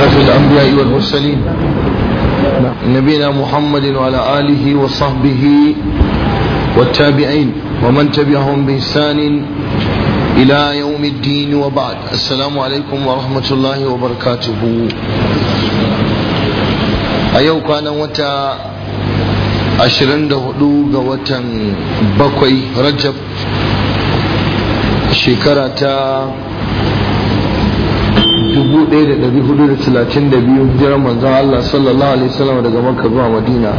أشرف الأنبياء والمرسلين نبينا محمد وعلى آله وصحبه والتابعين ومن تبعهم بإحسان إلى يوم الدين وبعد السلام عليكم ورحمة الله وبركاته أيوك أنا وتا أشرن دهدو وتن بقوي رجب شكرة 1432 jiran manzon Allah sallallahu alaihi wasallam daga Makka zuwa Madina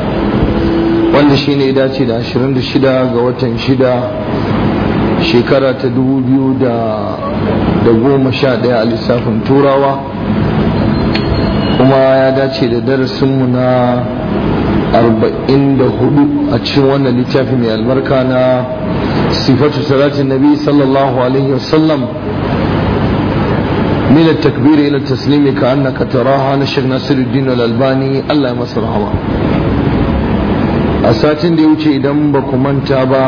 wanda shine ya dace da 26 ga watan 6 shekara ta 2011 a lissafin turawa kuma ya dace da darasinmu na 44 a cikin wannan littafi mai albarka na sifatu salatin nabi sallallahu alaihi wasallam من التكبير إلى التسليم كأنك تراها للشيخ ناصر الدين الألباني الله مصر هوا أساتين دي وشي إدم بكمان تابا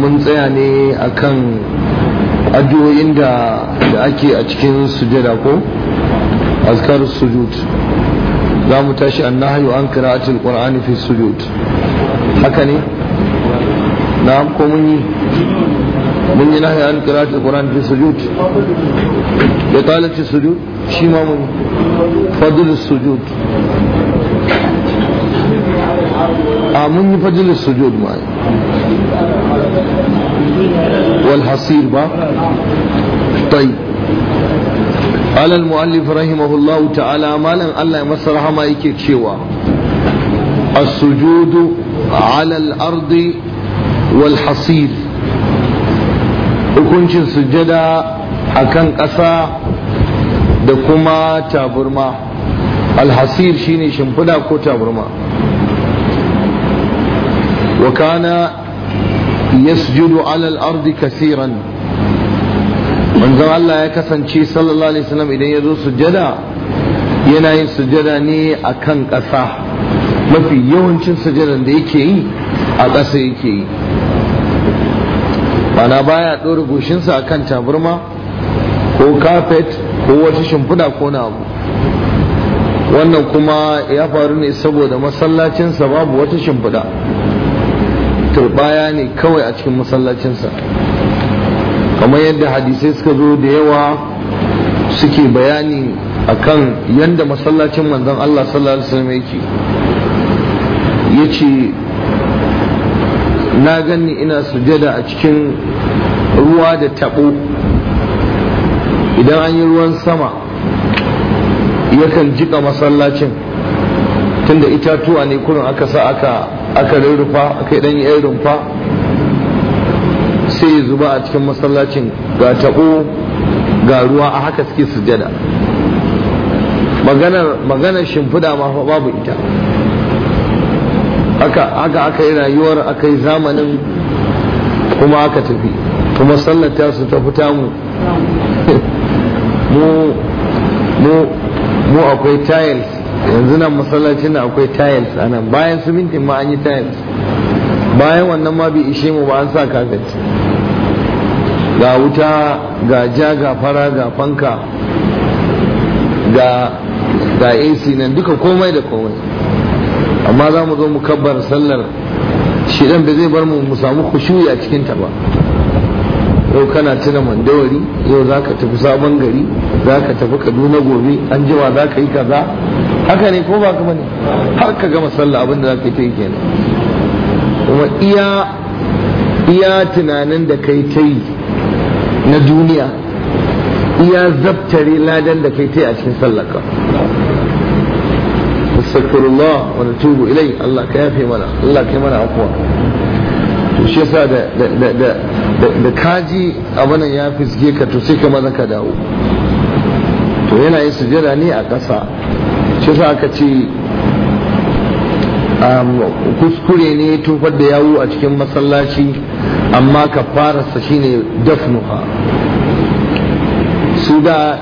من زياني أكن أدو إندا لأكي أتكين سجد أكو أذكار السجود لا متاشي النهي عن قراءة القرآن في السجود هكذا نعم كومني mun yi nahi an kira ta Qur'an fi sujud da talati sujud shi ma mun fadl sujud a mun yi fadl sujud wal قال المؤلف رحمه الله تعالى مالا الله مسرها ما يكي شوى السجود على الأرض والحصير hukuncin sujjada a kan ƙasa da kuma taburma alhasir shine shimfiɗa ko taburma wakana kana yasjudu alal ardi kasiran manzon Allah ya kasance sallallahu alaihi wasallam idan ya zo sujjada yana yin sujjada ne a kan ƙasa mafi yawancin sujjadan da yake yi a ƙasa yake yi mana baya ɗora gushinsa a kan taburma ko kafet ko wata shimfiɗa ko na abu wannan kuma ya faru ne saboda masallacinsa babu wata shimfiɗa turbaya ne kawai a cikin masallacinsa kamar yadda hadisai suka zo da yawa suke bayani akan yadda masallacin manzon Allah sallallahu alaihi wasallam yake yace na gani ina sujada a cikin ruwa da taɓo idan an yi ruwan sama yakan jika masallacin tunda itatuwa ne kurin aka sa aka aka rurrufa aka yi ɗanyi rumfa sai ya zuba a cikin masallacin ga taɓo ga ruwa a haka suke sujada maganar maganar shimfiɗa ma babu ita haka aka yi rayuwar aka yi zamanin kuma aka tafi kuma sallar ta su ta fita mu mu akwai tiles yanzu nan masallacin da akwai tiles a nan bayan simintin ma an yi tiles bayan wannan ma bai ishe mu ba an sa kafet ga wuta ga ja ga fara ga fanka ga ga AC nan duka komai da komai amma za mu zo mu kabbar sallar shi dan bai zai bar mu mu samu khushuyi a cikin ba yau kana tuna mandawari yau za ka tafi sabon gari za ka tafi kaduna gobe an jiwa za ka yi kaza haka ne ko ba ka ne har ka gama sallah abin da za ka yi ta yi kenan kuma iya tunanin da kai ta yi na duniya iya zaftare ladan da kai ta yi a cikin sallaka استغفر ilai Allah ka yafe mana Allah ka yi mana عفوا shiyasa shi yasa da da kaji abin ya fiske ka to sai ka maza ka dawo to yana yin sujada ne a ƙasa shi yasa aka ce um, kuskure ne tufar da yawo a cikin masallaci amma ka fara sa ne shine dafnuha su da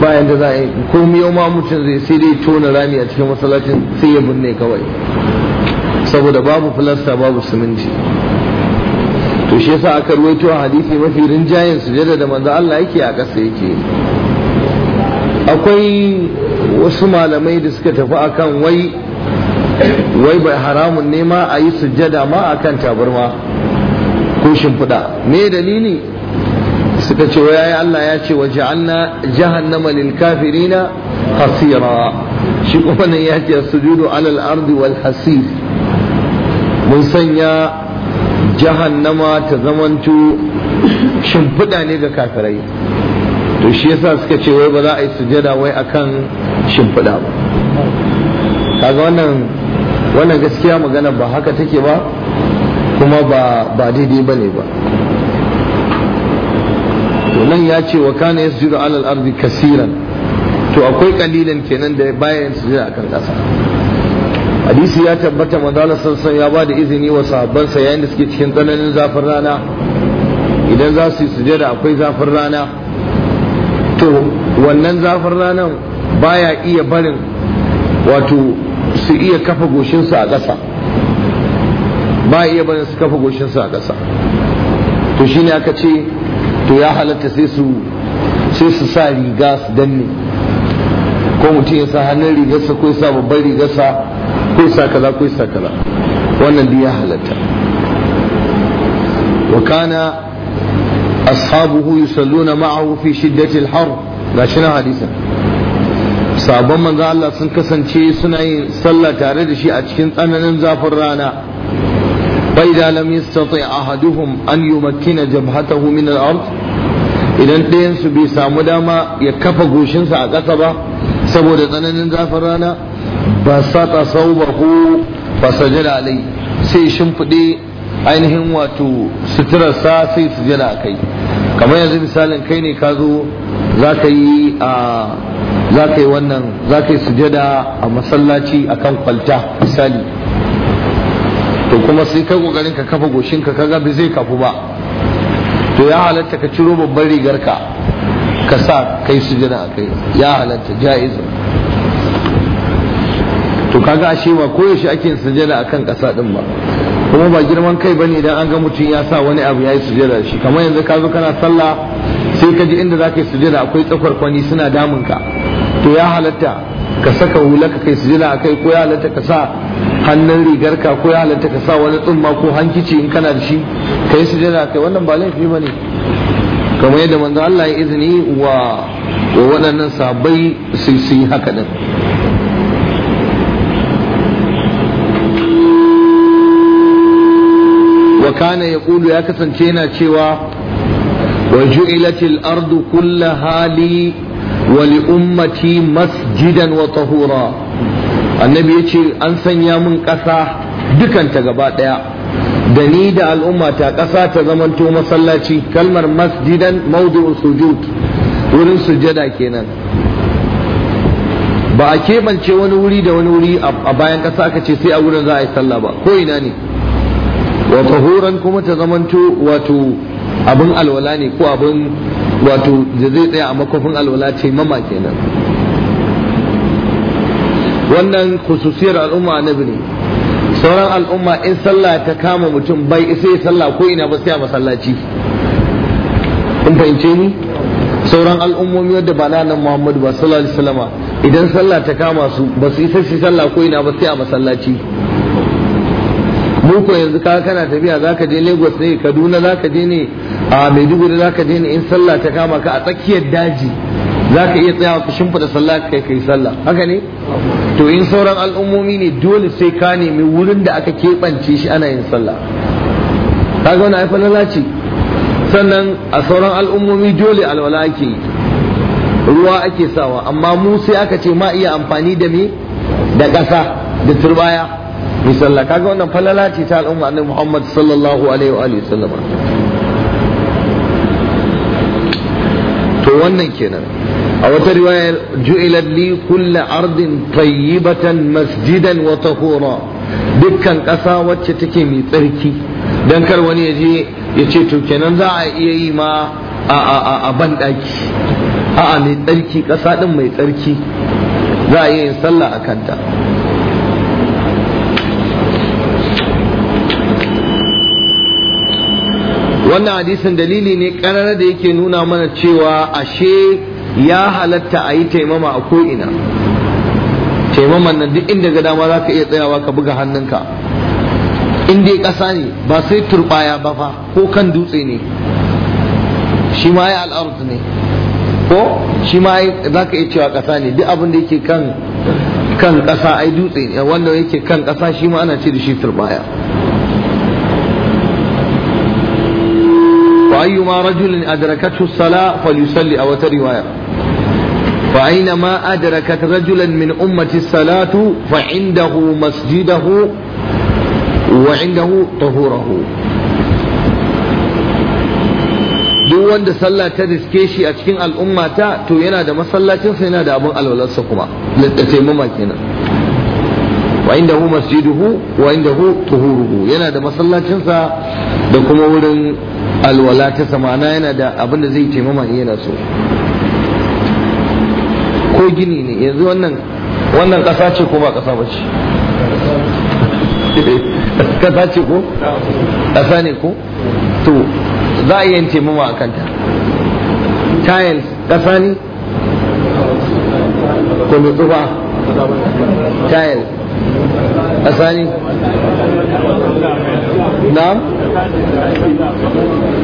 bayan da za a yi ko yau mutum zai sai dai tona rami a cikin masallacin sai ya binne kawai saboda babu filasta babu siminti to shi yasa aka ruwaito a hadisi mafi rinjayen sujada da manzo Allah yake a ƙasa yake akwai wasu malamai da suka tafi akan wai wai bai haramun ne ma a yi sujada ma akan tabarma ko shimfiɗa me dalili suka ce wa yayi Allah ya ce wa ja'alna jahannama lil kafirina hasira shi kuma nan ya ce sujudu alal ardi wal hasir mun sanya jahannama ta zamanto shimfiɗa ne ga kafirai to shi yasa suka ce wai ba za a yi sujada wai akan shimfiɗa ba kaga wannan wannan gaskiya magana ba haka take ba kuma ba ba daidai ba ne ba to nan ya ce wa kana yasjudu alal ardi kasiran to akwai kalilan kenan da bayan sujada akan ƙasa hadisi ya tabbata manzala sansan ya ba da izini wa sahabbansa yayin da suke cikin tsananin zafin rana idan za su yi sujada akwai zafin rana to wannan zafin ranan baya iya barin wato su iya kafa goshinsu a ƙasa ba iya barin su kafa goshinsu a ƙasa to shine aka ce to ya halatta sai su sai su sa riga su danne ko mutum ya sa hannun rigarsa ko ya sa babban rigarsa ko sa kaza ko kaza wannan duk ya halatta wa kana ashabuhu yusalluna ma'ahu fi shiddati al-har gashi na hadisin sabon manzo Allah sun kasance suna yin sallah tare da shi a cikin tsananin zafin rana فإذا لم ahaduhum أحدهم أن يمكن جبهته من الأرض idan ɗayansu bai samu dama ya kafa goshinsa a ƙasa ba saboda tsananin zafin rana Ba ba sa ba saubahu fasajada alai sai shimfiɗe ainihin wato sa sai sujada a kai kamar yanzu misalin kai ne ka zo za ka yi a za ka yi wannan za ka yi sujada a masallaci a kan kwalta misali to kuma sai kai kokarin ka kafa goshinka kaga bai zai kafu ba to ya halatta ka ciro babban rigarka ka sa kai sujada a kai ya halatta ja'iza to kaga ashe ba koyaushe ake sujada akan kasa din ba kuma ba girman kai bane idan an ga mutum ya sa wani abu yayi sujada shi kamar yanzu ka zo kana sallah sai ka ji inda zaka yi sujada akwai tsakar kwani suna damun ka to ya halatta ka saka hula ka kai sujada akai ko ya halatta ka sa hannun rigarka ko ya halatta ka sa wani tsumma ko hankici in kana da shi kai sujada kai wannan ba laifi bane kamar yadda manzo Allah ya izini wa waɗannan sabai su yi haka din وكان يقول يا كسنتينا شوا وجعلت الأرض كلها لي ولأمتي مسجدا وطهورا النبي يقول أنسن يا من قصة gaba تقبات da ni da al'umma ta ƙasa ta zamanto masallaci kalmar masjidan maudu'u sujud wurin sujada kenan ba a keɓance wani wuri da wani wuri a bayan ƙasa aka ce sai a wurin za a yi sallah ba ko ina ne wa tahuran kuma ta zamanto wato abin alwala ne ko abin wato da zai tsaya a makofin alwala ce mama kenan wannan khususiyar al'umma annabi ne sauran al'umma in sallah ta kama mutum bai isa ya sallah ko ina ba sai a masallaci kun fahimce ni sauran al'ummomi wadda ba na nan Muhammadu ba sallallahu alaihi wasallama idan sallah ta kama su ba su isa su sallah ko ina ba sai a masallaci mu yanzu ka kana tafiya ka je Lagos ne Kaduna za ka je ne a Maiduguri ka je ne in sallah ta kama ka a tsakiyar daji za ka iya tsayawa ku shimfida sallah ka kai sallah haka ne to in sauran al'ummomi ne dole sai ka nemi wurin da aka keɓance shi ana yin sallah kaga wani haifar lalaci sannan a sauran al'ummomi dole alwala ake ruwa ake sawa amma mu sai aka ce ma iya amfani da me da ƙasa da turbaya yi sallah kaga wannan falala ce ta al'umma annabi Muhammad sallallahu alaihi wa alihi sallam to wannan kenan a wata riwaya ju'ilat li kulli ardin tayyibatan masjidan wa tahura dukkan ƙasa wacce take mai tsarki dan kar wani ya je ya ce to kenan za a iya yi ma a a a a ban daki a a mai tsarki kasa din mai tsarki za a iya yin sallah a kanta wannan hadisin dalili ne karara da yake nuna mana cewa ashe ya halatta a yi taimama a ko'ina taimaman nan duk inda ga dama za ka iya tsayawa ka buga hannunka in dai ƙasa ne ba sai turɓaya ba fa ko kan dutse ne shi ma ya al'arut ne ko shi ma za ka iya cewa ƙasa ne duk abin da yake kan kan ƙasa ai dutse wanda yake kan ƙasa shi ma ana ce da shi turbaya وأيما رجل أدركته الصلاة فليصلي أو رواية فأينما أدركت رجلا من أمة الصلاة فعنده مسجده وعنده طهوره duk wanda sallah ta riske shi a cikin al'umma ta to yana da masallacinsa yana da abin alwalarsa kuma mama kenan wa inda hu masjiduhu wa inda hu tuhuruhu yana da masallacinsa da kuma wurin alwala ta samana yana da abin da zai taimama yana so ko gini ne yanzu wannan wannan ƙasa ce ko ba ƙasa ba ce ƙasa ce ko ƙasa ne ko to za a iya taimama a kanta tiles ƙasa ne ko mai tsufa A asali na'am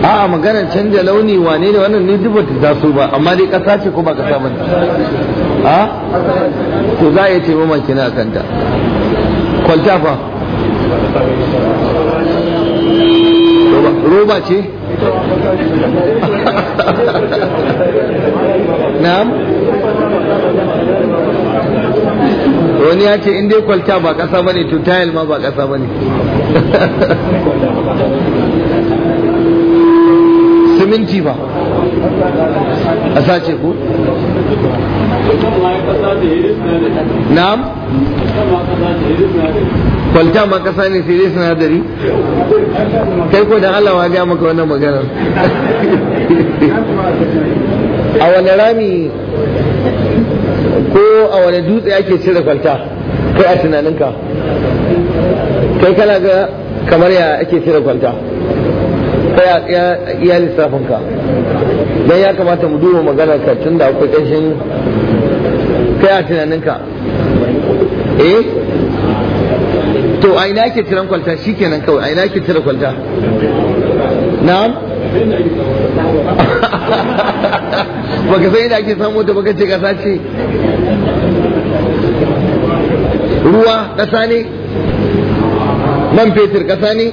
a'a maganar canja launi wane ne wannan ni duk ta taso ba amma dai kasa ce ko ba kasa ba a to za a yi taimama kina ta roba ce wani ya ce in dai kwalta ba kasa ba ne to ma ba kasa ba ne siminti ba a sace ku na'am kwalta ma kasa ne sai dai sinadari kai ko da Allah wa ja maka wannan magana a wani rami ko a wani dutse ake cire kwalta kai a tunaninka kai kana ga kamar ya ake cire kwalta kai a iya lissafinka don ya kamata mu duba maganar ka tun da akwai ƙanshin kai a tunaninka eh to a ina ake cire kwalta shikenan kawai a ina ake cire kwalta na'am baka sai da ake samu ta baka ce kasa ce ruwa kasa ne man fetur kasa ne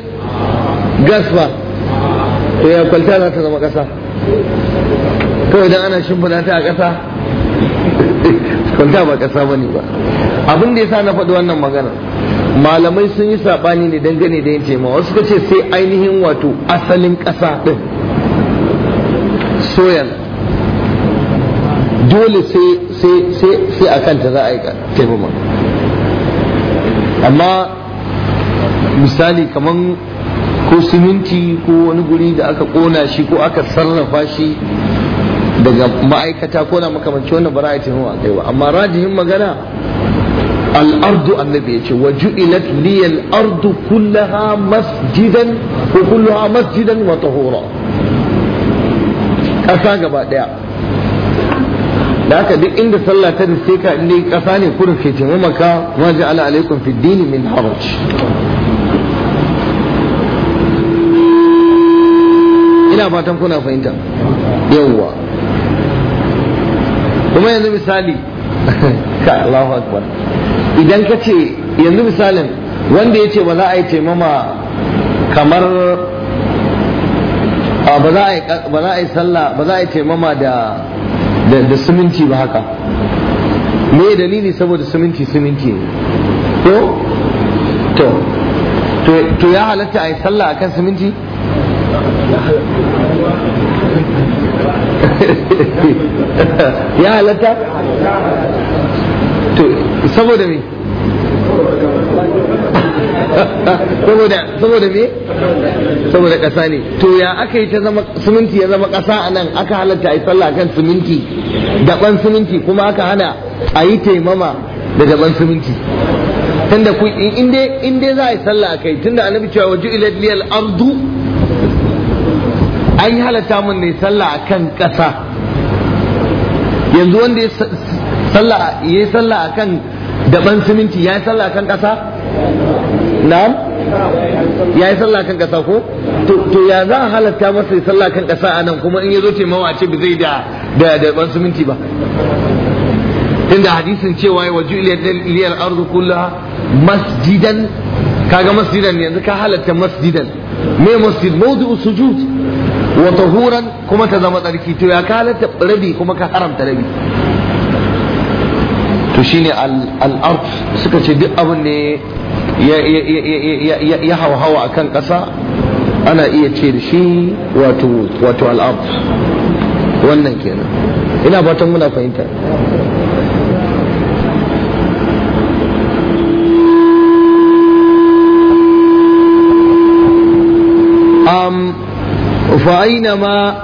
gas ba to ya kwalta za ta zama kasa kawai idan ana shimfida ta a kasa kwalta ba kasa ne ba abin da sa na faɗi wannan magana malamai sun yi saɓani ne dangane da yin tema wasu ka ce sai ainihin wato asalin ƙasa ɗin soyan dole sai a kanta za a yi taimama amma misali kamar ko siminti ko wani guri da aka kona shi ko aka sarrafa shi daga ma'aikata ko na makamanci wannan ba za a yi taimama kai ba amma rajihin magana al'ardu annabi ya ce wa ju'ilat liyal ardu kullaha masjidan ko kullaha masjidan wa tahura ƙasa gaba ɗaya da haka duk inda sallah ta riske ka inda ƙasa ne kurin ke taimaka ma ala alaikum fid dini min haraj ina fatan kuna fahimta yawwa kuma yanzu misali ka Allahu akbar idan ka ce yanzu misalin wanda ya ce ba za a yi taimama kamar ba za a yi sallah ba za a yi taimama da da siminti ba haka me dalili saboda siminti siminti ko to to ya halatta a yi sallah akan siminti ya halatta to saboda me saboda saboda me saboda ƙasa ne to ya aka yi ta zama siminti ya zama ƙasa a nan aka halatta a yi sallah kan siminti daban siminti kuma aka hana a yi taimama da daban siminti tunda ku in dai za a yi sallah kai tunda annabi cewa waju ila liyal ardu an yi halatta mun ne sallah akan ƙasa yanzu wanda ya sallah akan daban siminti ya yi sallah akan ƙasa na'am ya yi sallah kan ƙasa ko to ya za a halatta masa yi sallah kan ƙasa a nan kuma in ya zo taimawa a ce ba zai da da ban minti ba Inda hadisin cewa ya waju iliyar arzu kullaha masjidan kaga masjidan yanzu ka halatta masjidan me masjid mawdu'u sujud wata huran kuma ta zama tsarki to ya ka halatta rabi kuma ka haramta rabi to shine al suka ce duk abin ne ya hauhawa a kan ƙasa ana iya ce da shi wato al'ab wannan kenan ina fatan muna fahimta فأينما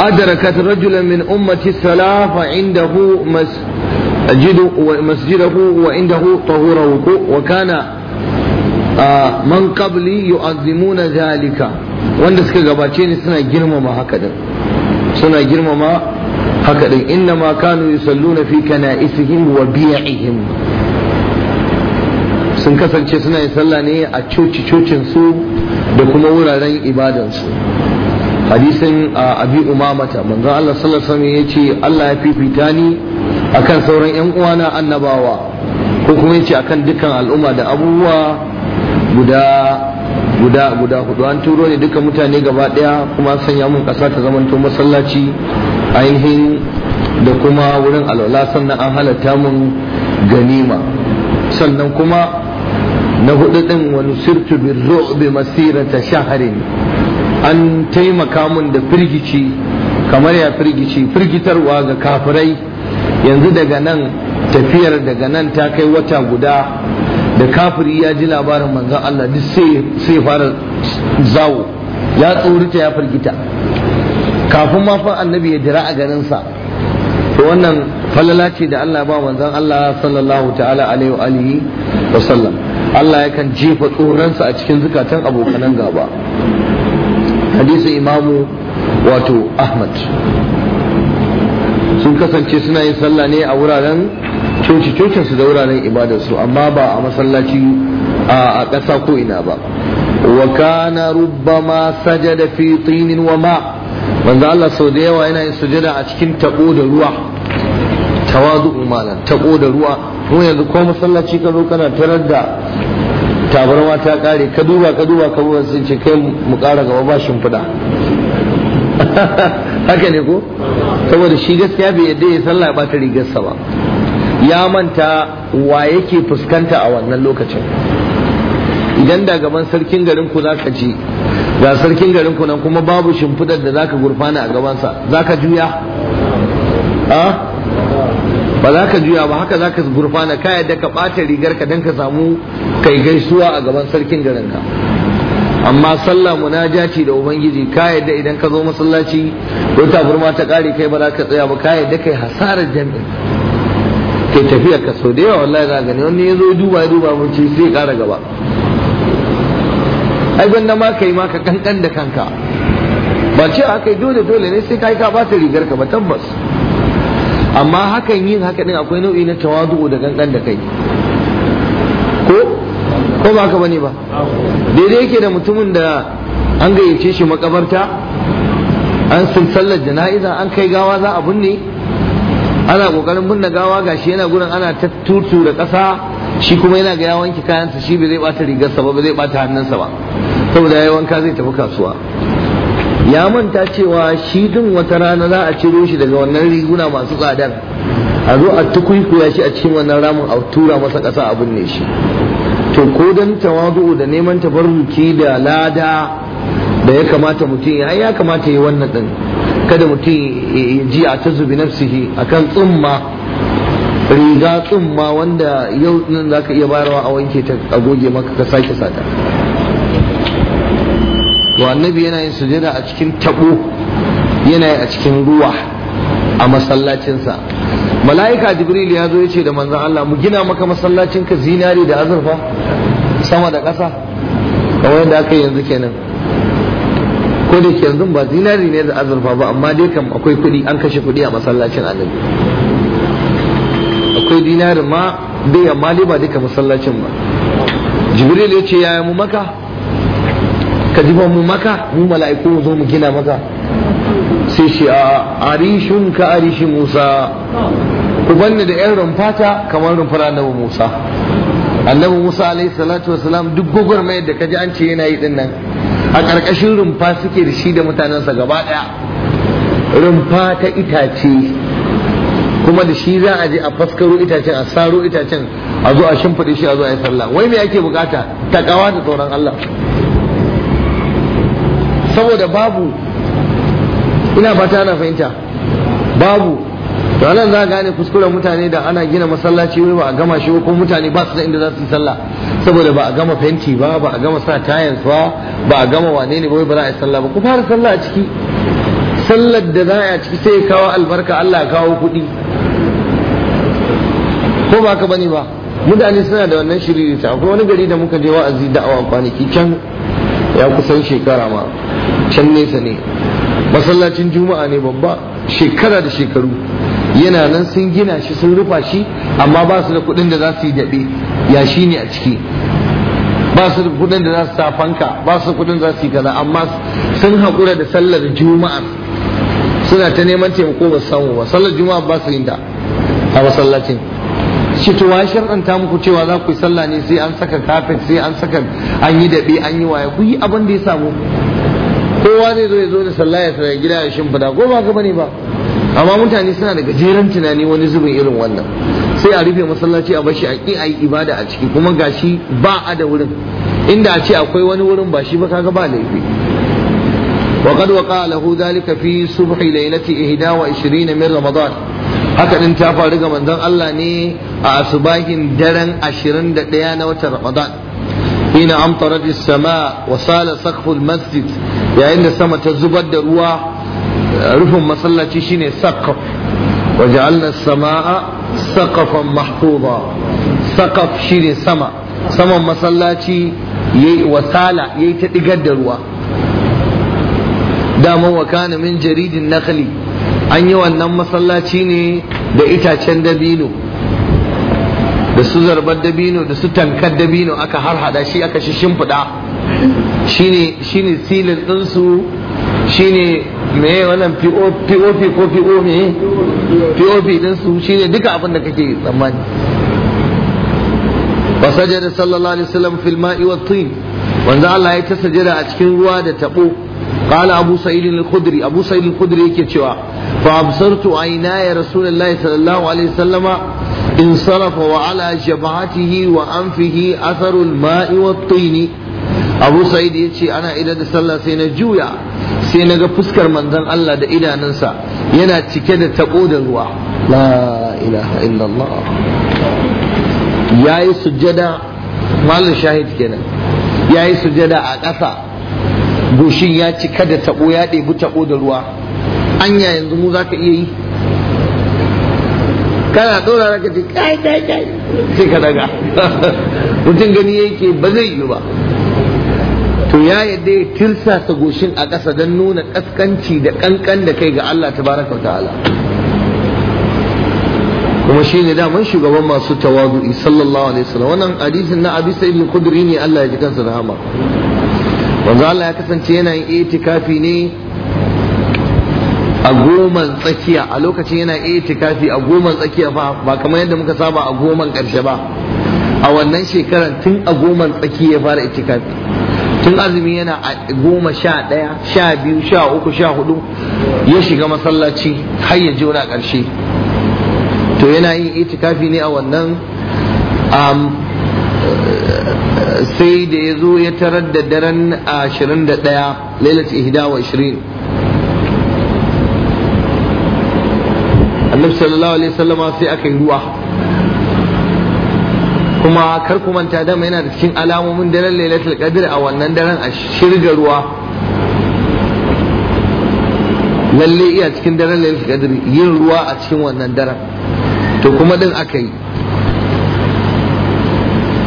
أدركت رجلا من أمة السلام فعنده أجد مسجده وعنده طهور طهوره وكان من قبلي يؤذمون ذلك wanda suka gabace ni suna girmama haka din suna girmama haka din inna ma kanu yusalluna fi sun kasance suna yin sallah ne a coci cocin su da kuma wuraren ibadansu hadisin abi umamata manzon Allah sallallahu alaihi wasallam yace Allah ya fifita ni akan sauran yan uwana annabawa ko kuma yace akan dukkan al'umma da abubuwa guda guda guda hudu an turo ne dukkan mutane gaba daya kuma sanya mun kasa ta zamanto masallaci ainihin da kuma wurin alwala sannan an halatta mun ganima sannan kuma na hudu din wani sirtu bi ru'bi masirata shaharin an taimaka mun da firgici kamar ya firgici firgitarwa ga kafirai yanzu daga nan tafiyar daga nan ta kai wata guda da kafiri ya ji labarin manzan Allah duk sai fara zawo ya tsorita ya firgita kafin ma annabi ya jira a garinsa wannan falala ce da Allah ba manzan Allah sallallahu ta'ala alaihi wa alihi wa sallam Allah ya kan jefa tsoronsa a cikin zukatan abokanan gaba hadisin imamu wato Ahmad sun kasance suna yin sallah ne a wuraren coci cocinsu da wuraren ibadarsu amma ba a masallaci a ƙasa ko ina ba wa kana rubbama sajada fi tinin wa ma wanda Allah sau da yawa yana yin sujada a cikin tabo da ruwa tawazu malam tabo da ruwa mu yanzu ko masallaci ka zo kana tarar da tabarma ta kare ka duba ka duba ka sun ce kai mu kara gaba ba shimfiɗa haka ne ko saboda shi gaskiya bai yadda ya sallah ba ta rigarsa ba ya manta wa yake fuskanta a wannan lokacin idan da gaban sarkin garin ku zaka ci ga sarkin garin ku nan kuma babu shimfidar da zaka gurfana a gabansa zaka juya a ba za ka juya ba haka za ka gurfana ka yadda ka ɓata rigar ka don ka samu kai gaisuwa a gaban sarkin garin ka amma sallah munajati da ubangiji ka yadda idan ka zo masallaci don taburma ta kare kai ba za ka tsaya ba ka yadda kai hasarar jami'a. ke tafiya ka sau da yawa wallahi za gani wani ya zo duba ya duba mun ci sai kara gaba ai da ma kai ma ka kankan da kanka ba ce haka dole dole ne sai kai ka bata rigar ka ba tabbas amma hakan yin haka din akwai nau'i na tawadu da kankan da kai ko ko ba ka bane ba daidai yake da mutumin da an gayyace shi makabarta an sallar jana'iza an kai gawa za a binne ana kokarin binne gawa gashi yana gurin ana ta tutu da ƙasa shi kuma yana ga ya wanke kayansa shi bai zai bata rigarsa ba zai bata hannunsa ba saboda ya wanka zai tafi kasuwa ya manta cewa shi din wata rana za a ciro shi daga wannan riguna masu tsadar a zo a tukuikuya shi a cikin wannan ramin a tura masa kasa a binne shi to ko dan tawadu da neman tabarruki da lada da ya kamata mutum ya ya kamata yi wannan din kada mutum ya ji a ta zubi nafsihi akan tsumma riga tsumma wanda yau nan zaka iya bayarwa a wanke ta a goge maka ka sake sata wa annabi yana yin sujada a cikin tabo yana a cikin ruwa a masallacinsa mala'ika jibril ya zo ya ce da manzon Allah mu gina maka masallacin ka zinari da azurfa sama da ƙasa kamar yadda aka yanzu kenan ko da ke yanzu ba zinari ne da azurfa ba amma dai kam akwai kuɗi an kashe kuɗi a masallacin annabi akwai dinari ma dai amma dai ba duka masallacin ba jibril ya ce yaya mu maka ka jifa mu maka mu mala'iku mu zo mu gina maka sai shi a arishin ka Arishin musa ubanni da yan rumfata kamar rumfar annabi musa annabi musa alaihi salatu wasalam duk gwagwarmayar da kaji an ce yana yi nan. a ƙarƙashin rumfa suke da shi da mutanensa gaba ɗaya rumfa ta itace kuma da shi za a je a faskaro itacen a saro itacen a zo a shimfiɗe shi a zo a yi sallah wai me ake bukata ta kawa da tsoron Allah saboda babu ina fata ana fahimta babu to anan za gane kuskuren mutane da ana gina masallaci wai ba a gama shi ko mutane ba su da inda za su yi sallah saboda ba a gama fenti ba ba a gama sa tayan ba ba a gama wane ne ba za a yi sallah ba ku fara sallah a ciki sallar da za a yi ciki sai kawo albarka Allah ya kawo kuɗi ko ba ka bane ba mutane suna da wannan ta akwai wani gari da muka je wa'azi da'awa kwanaki can ya kusan shekara ma can nesa ne masallacin juma'a ne babba shekara da shekaru yana nan sun gina shi sun rufa shi amma ba su da kuɗin da za su yi daɓe ya shi ne a ciki ba su da kuɗin da za su sa fanka ba su da kuɗin za su yi kaza amma sun haƙura da sallar juma'a suna ta neman taimako ba samu ba sallar juma'a ba su yin da a masallacin shi to wa shar'anta muku cewa za ku yi sallah ne sai an saka kafet sai an saka an yi daɓe an yi waya ku yi abin da ya samu kowa zai zo ya zo da sallah ya tsaya gida ya shimfida ko ba ka bane ba amma mutane suna da gajeren tunani wani zubin irin wannan sai a rufe masallaci a bashi a ki a yi ibada a ciki kuma gashi ba a da wurin inda a ce akwai wani wurin ba shi ba kaga ba laifi وقد وقع له ذلك في صبح ليلة 21 من رمضان haka din ta faru ga manzon Allah ne a asubahin daren 21 na watan Ramadan Ina amtarat as-sama wa sala saqfu masjid yayin da sama ta zubar da ruwa rufin masallaci shine saqaf waja'alna as-samaa'a saqafan mahfuza saqaf shine sama saman masallaci yayi wasala yayi ta digar da ruwa dama wa kana min jaridin nakhli an yi wannan masallaci ne da itacen dabino da su zarbar dabino da su tankar dabino aka harhada shi aka shi shimfiɗa shi ne silin ɗinsu ne me wannan pop ko po me pop ɗinsu shine duka abin da kake tsammani wa sajada sallallahu alaihi wasallam fil ma'i wat wanda Allah ya ta sajada a cikin ruwa da tabo qala abu sa'id al-khudri abu sa'id al-khudri yake cewa fa absartu aynaya rasulullahi sallallahu alaihi wasallama in sarafa wa ala jabhatihi wa anfihi atharu mai wat tin abu sa'id ya ce ana idan da sallah sai na juya sai na ga fuskar manzon Allah da idanunsa yana cike da taɓo da ruwa la ilaha illallah yayi sujjada mallan shahid kenan yayi sujjada a ƙasa goshin ya cika da taɓo ya ɗebi taɓo da ruwa anya yanzu mu zaka iya yi kana dora raka ce kai kai kai sai ka daga mutum gani yake ba zai yi ba to ya yadda ya tirsasa goshin a ƙasa don nuna ƙasƙanci da ƙanƙan da kai ga Allah baraka ta'ala kuma shi ne daman shugaban masu tawadu'i sallallahu alaihi wasallam wannan hadisin na abi kuduri al-khudri ne Allah ya ji kansa hama. wanda Allah ya kasance yana yin itikafi ne a goman tsakiya a lokacin yana itikafi a goman tsakiya fa ba kamar yadda muka saba a goman karshe ba a wannan shekarar tun a goman tsakiya ya fara itikafi tun azumi yana a goma sha ɗaya sha biyu sha uku sha hudu ya shiga masallaci har ya jona ƙarshe to yana yin itikafi ne a wannan sai da ya zo ya tarar da daren ashirin da ɗaya lailat ihda wa ashirin annabi sallallahu alaihi wasallama sai aka yi ruwa kuma kar ku manta dama yana da cikin alamomin daren lailatul qadr a wannan daren a shirga ruwa lalle iya cikin daren lailatul qadr yin ruwa a cikin wannan daren to kuma din aka yi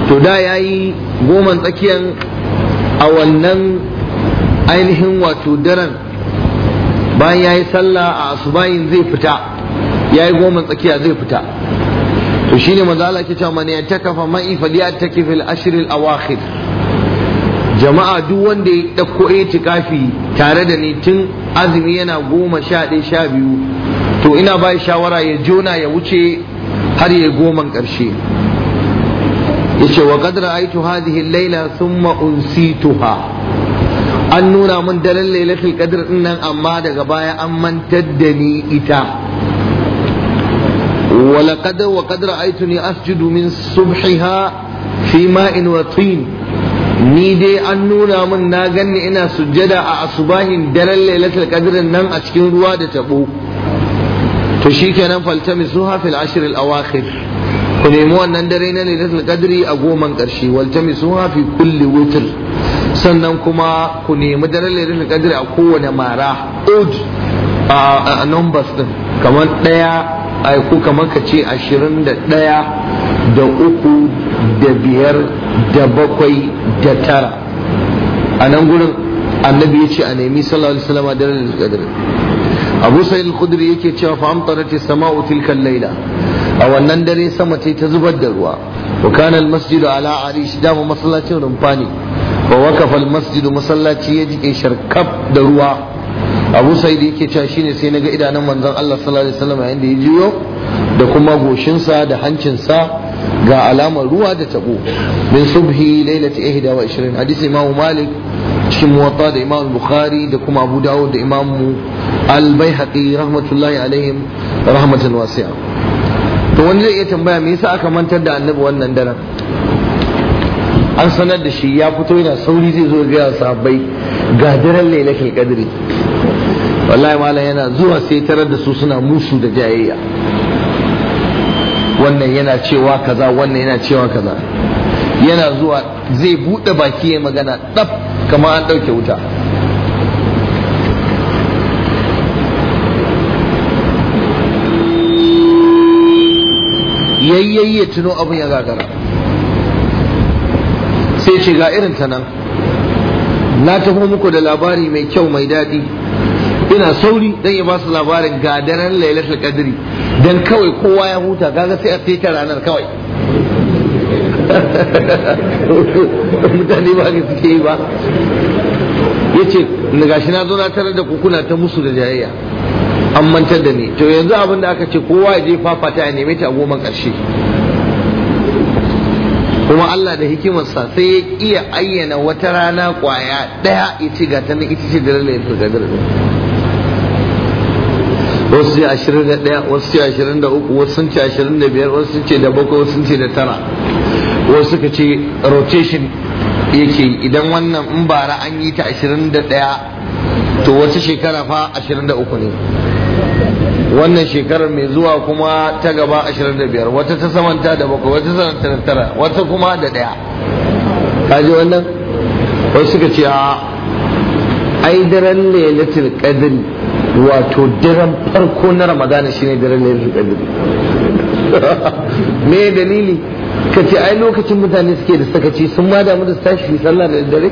to da yayi goman tsakiyan a wannan ainihin wato daren bayan yayi sallah a bayan zai fita yayi goman tsakiya zai fita to shine manzo ke cewa man yatakafa ma'i falyattaki fil ashr al awakhir jama'a duk wanda ya dauko itikafi tare da ni tun azumi yana goma sha ɗaya sha biyu to ina ba shawara ya jona ya wuce har ya goman ƙarshe yace wa qad ra'aytu hadhihi al layla thumma unsituha an nuna mun daren lailatul qadr din amma daga baya an mantar da ni ita ولقد وقد رأيتني أسجد من صبحها في ماء وطين ni dai an nuna min na ganni ina sujjada a asubahin daren lailatul qadrin nan a cikin ruwa da tabo to shikenan suha fil ashr al awakhir ku nemi wannan dare na lailatul qadri a goman karshe suha fi kulli witr sannan kuma ku nemi daren lailatul qadri a kowane mara ud a numbers din kamar daya ai ku kamar ka ce ashirin da ɗaya da uku da biyar da bakwai da tara a nan gurin annabi ya ce a nemi sallallahu alaihi wasallam da ranar qadr abu sa'id al-khudri yake cewa fa amtarat as-sama'u tilka al Laila. a wannan dare sama ce ta zubar da ruwa wa kana al-masjid ala arish dama masallacin rumfani wa waqafa al-masjid masallaci ya jike sharkaf da ruwa abu da yake cewa shine sai naga idanun manzon Allah sallallahu alaihi wasallam yayin da ya jiyo da kuma goshinsa da hancinsa ga alamar ruwa da tabo min subhi lailati 21 hadisi imamu malik cikin muwatta da imam bukhari da kuma abu dawud da imamu al-baihaqi rahmatullahi alaihim rahmatan wasi'a to wani zai iya tambaya me yasa aka mantar da annabi wannan daren an sanar da shi ya fito yana sauri zai zo ga sahabbai ga daren lailatul qadri wallahi malam yana zuwa sai tarar da su suna musu da jayayya wannan yana cewa kaza wannan yana cewa kaza yana zuwa zai buɗe baki ya magana ɗaf kamar an ɗauke wuta yayyayi ya tuno abin ya gagara sai ce ga irin ta nan na taho muku da labari mai kyau mai daɗi ina sauri dan ya ba su labarin ga daren lailatul qadri dan kawai kowa ya huta kaga sai a fita ranar kawai mutane ba ga suke yi ba Ya yace gashi na zo na tarar da kukuna ta musu da jayayya an mantar da ni to yanzu abin da aka ce kowa ya je fafata ya neme ta a goman ƙarshe kuma Allah da hikimarsa sai ya iya ayyana wata rana kwaya ɗaya ya ci ga na ita ce da lalayin fulgadar wasu ce ashirin da ɗaya wasu ce ashirin da uku wasu sun ce ashirin da biyar wasu sun ce da bakwai wasu sun ce da tara wasu suka ce rotation yake idan wannan in bara an yi ta ashirin da ɗaya to wata shekara fa ashirin da uku ne wannan shekarar mai zuwa kuma ta gaba ashirin da biyar wata ta samanta da bakwai wata ta da tara wata kuma da daya kaji wannan wasu suka ce a ai daren lailatul qadr wato daren farko na ramadana shine daren da me dalili ka ce ai lokacin mutane suke da sakaci sun ma damu da tashi sallah da dare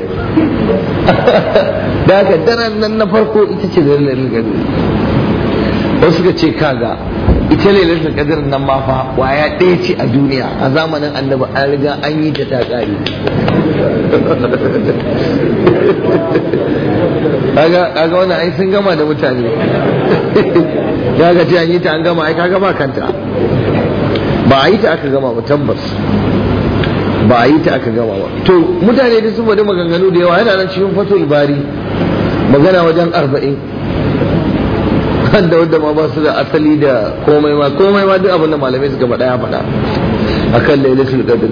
da aka daren nan na farko ita ce daren lailatul qadr wasu ka ce kaga ita lalata qadr nan ma fa waya ɗaya ce a duniya a zamanin annabi an riga an yi ta ta kare kaga kaga wannan ai sun gama da mutane kaga ce an yi ta an gama ai kaga ba kanta ba a yi ta aka gama ba tabbas ba a yi ta aka gama ba to mutane da sun faɗi maganganu da yawa yana nan cikin fatul bari magana wajen arba'in wanda wanda ma ba su da asali da komai ma komai ma duk abin da malamai suka faɗa ya faɗa kan lailatul qadr